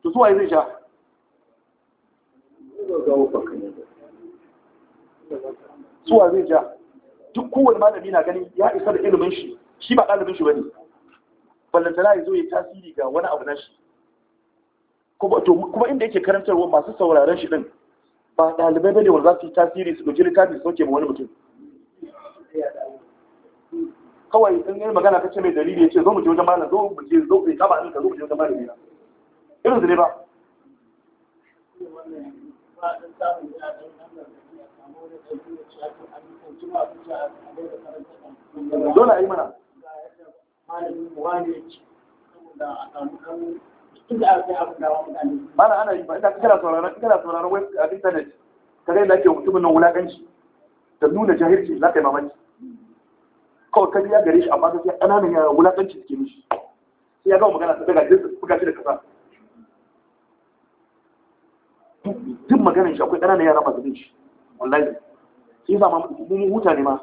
to su waye zai sha suwa zai ja duk kowane malami na gani ya isa da ilimin shi shi ba ɗalibin shi ba ne ballantana ya zo ya tasiri ga wani abu na shi kuma inda yake karantarwa masu sauraron shi din ba ɗalibai bane wanda za su yi tasiri su gajiri tafi su sauke ma wani mutum kawai in yi magana ta ce mai dalili ya ce zo mu je wajen malam zo mu je zo ka kama ɗin ka zo mu je wajen malam irin su ne ba dole a yi mana mana ana yi ba ina kana sauraron kana sauraron wai a internet kare da ake mutumin nan wulakanci da nuna jahilci za ka yi mamaki kawai kan ya gare shi amma ƙananan yara wulakanci suke mishi sai ya gama magana ta daga jinsa buga shi da kasa duk maganin shi akwai ƙananan yara masu bin shi wallahi shi yasa ma mun huta ne ma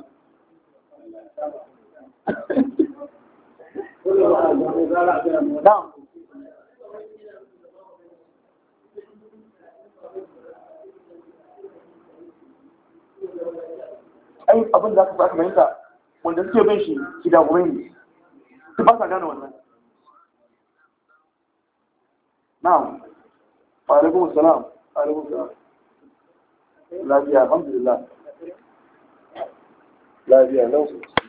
ai abin da aka fi aka fahimta wanda suke bin shi shi da kuma ne su ba sa gane wannan na'am wa alaikum assalam lafiya alhamdulillah lafiya nan sosai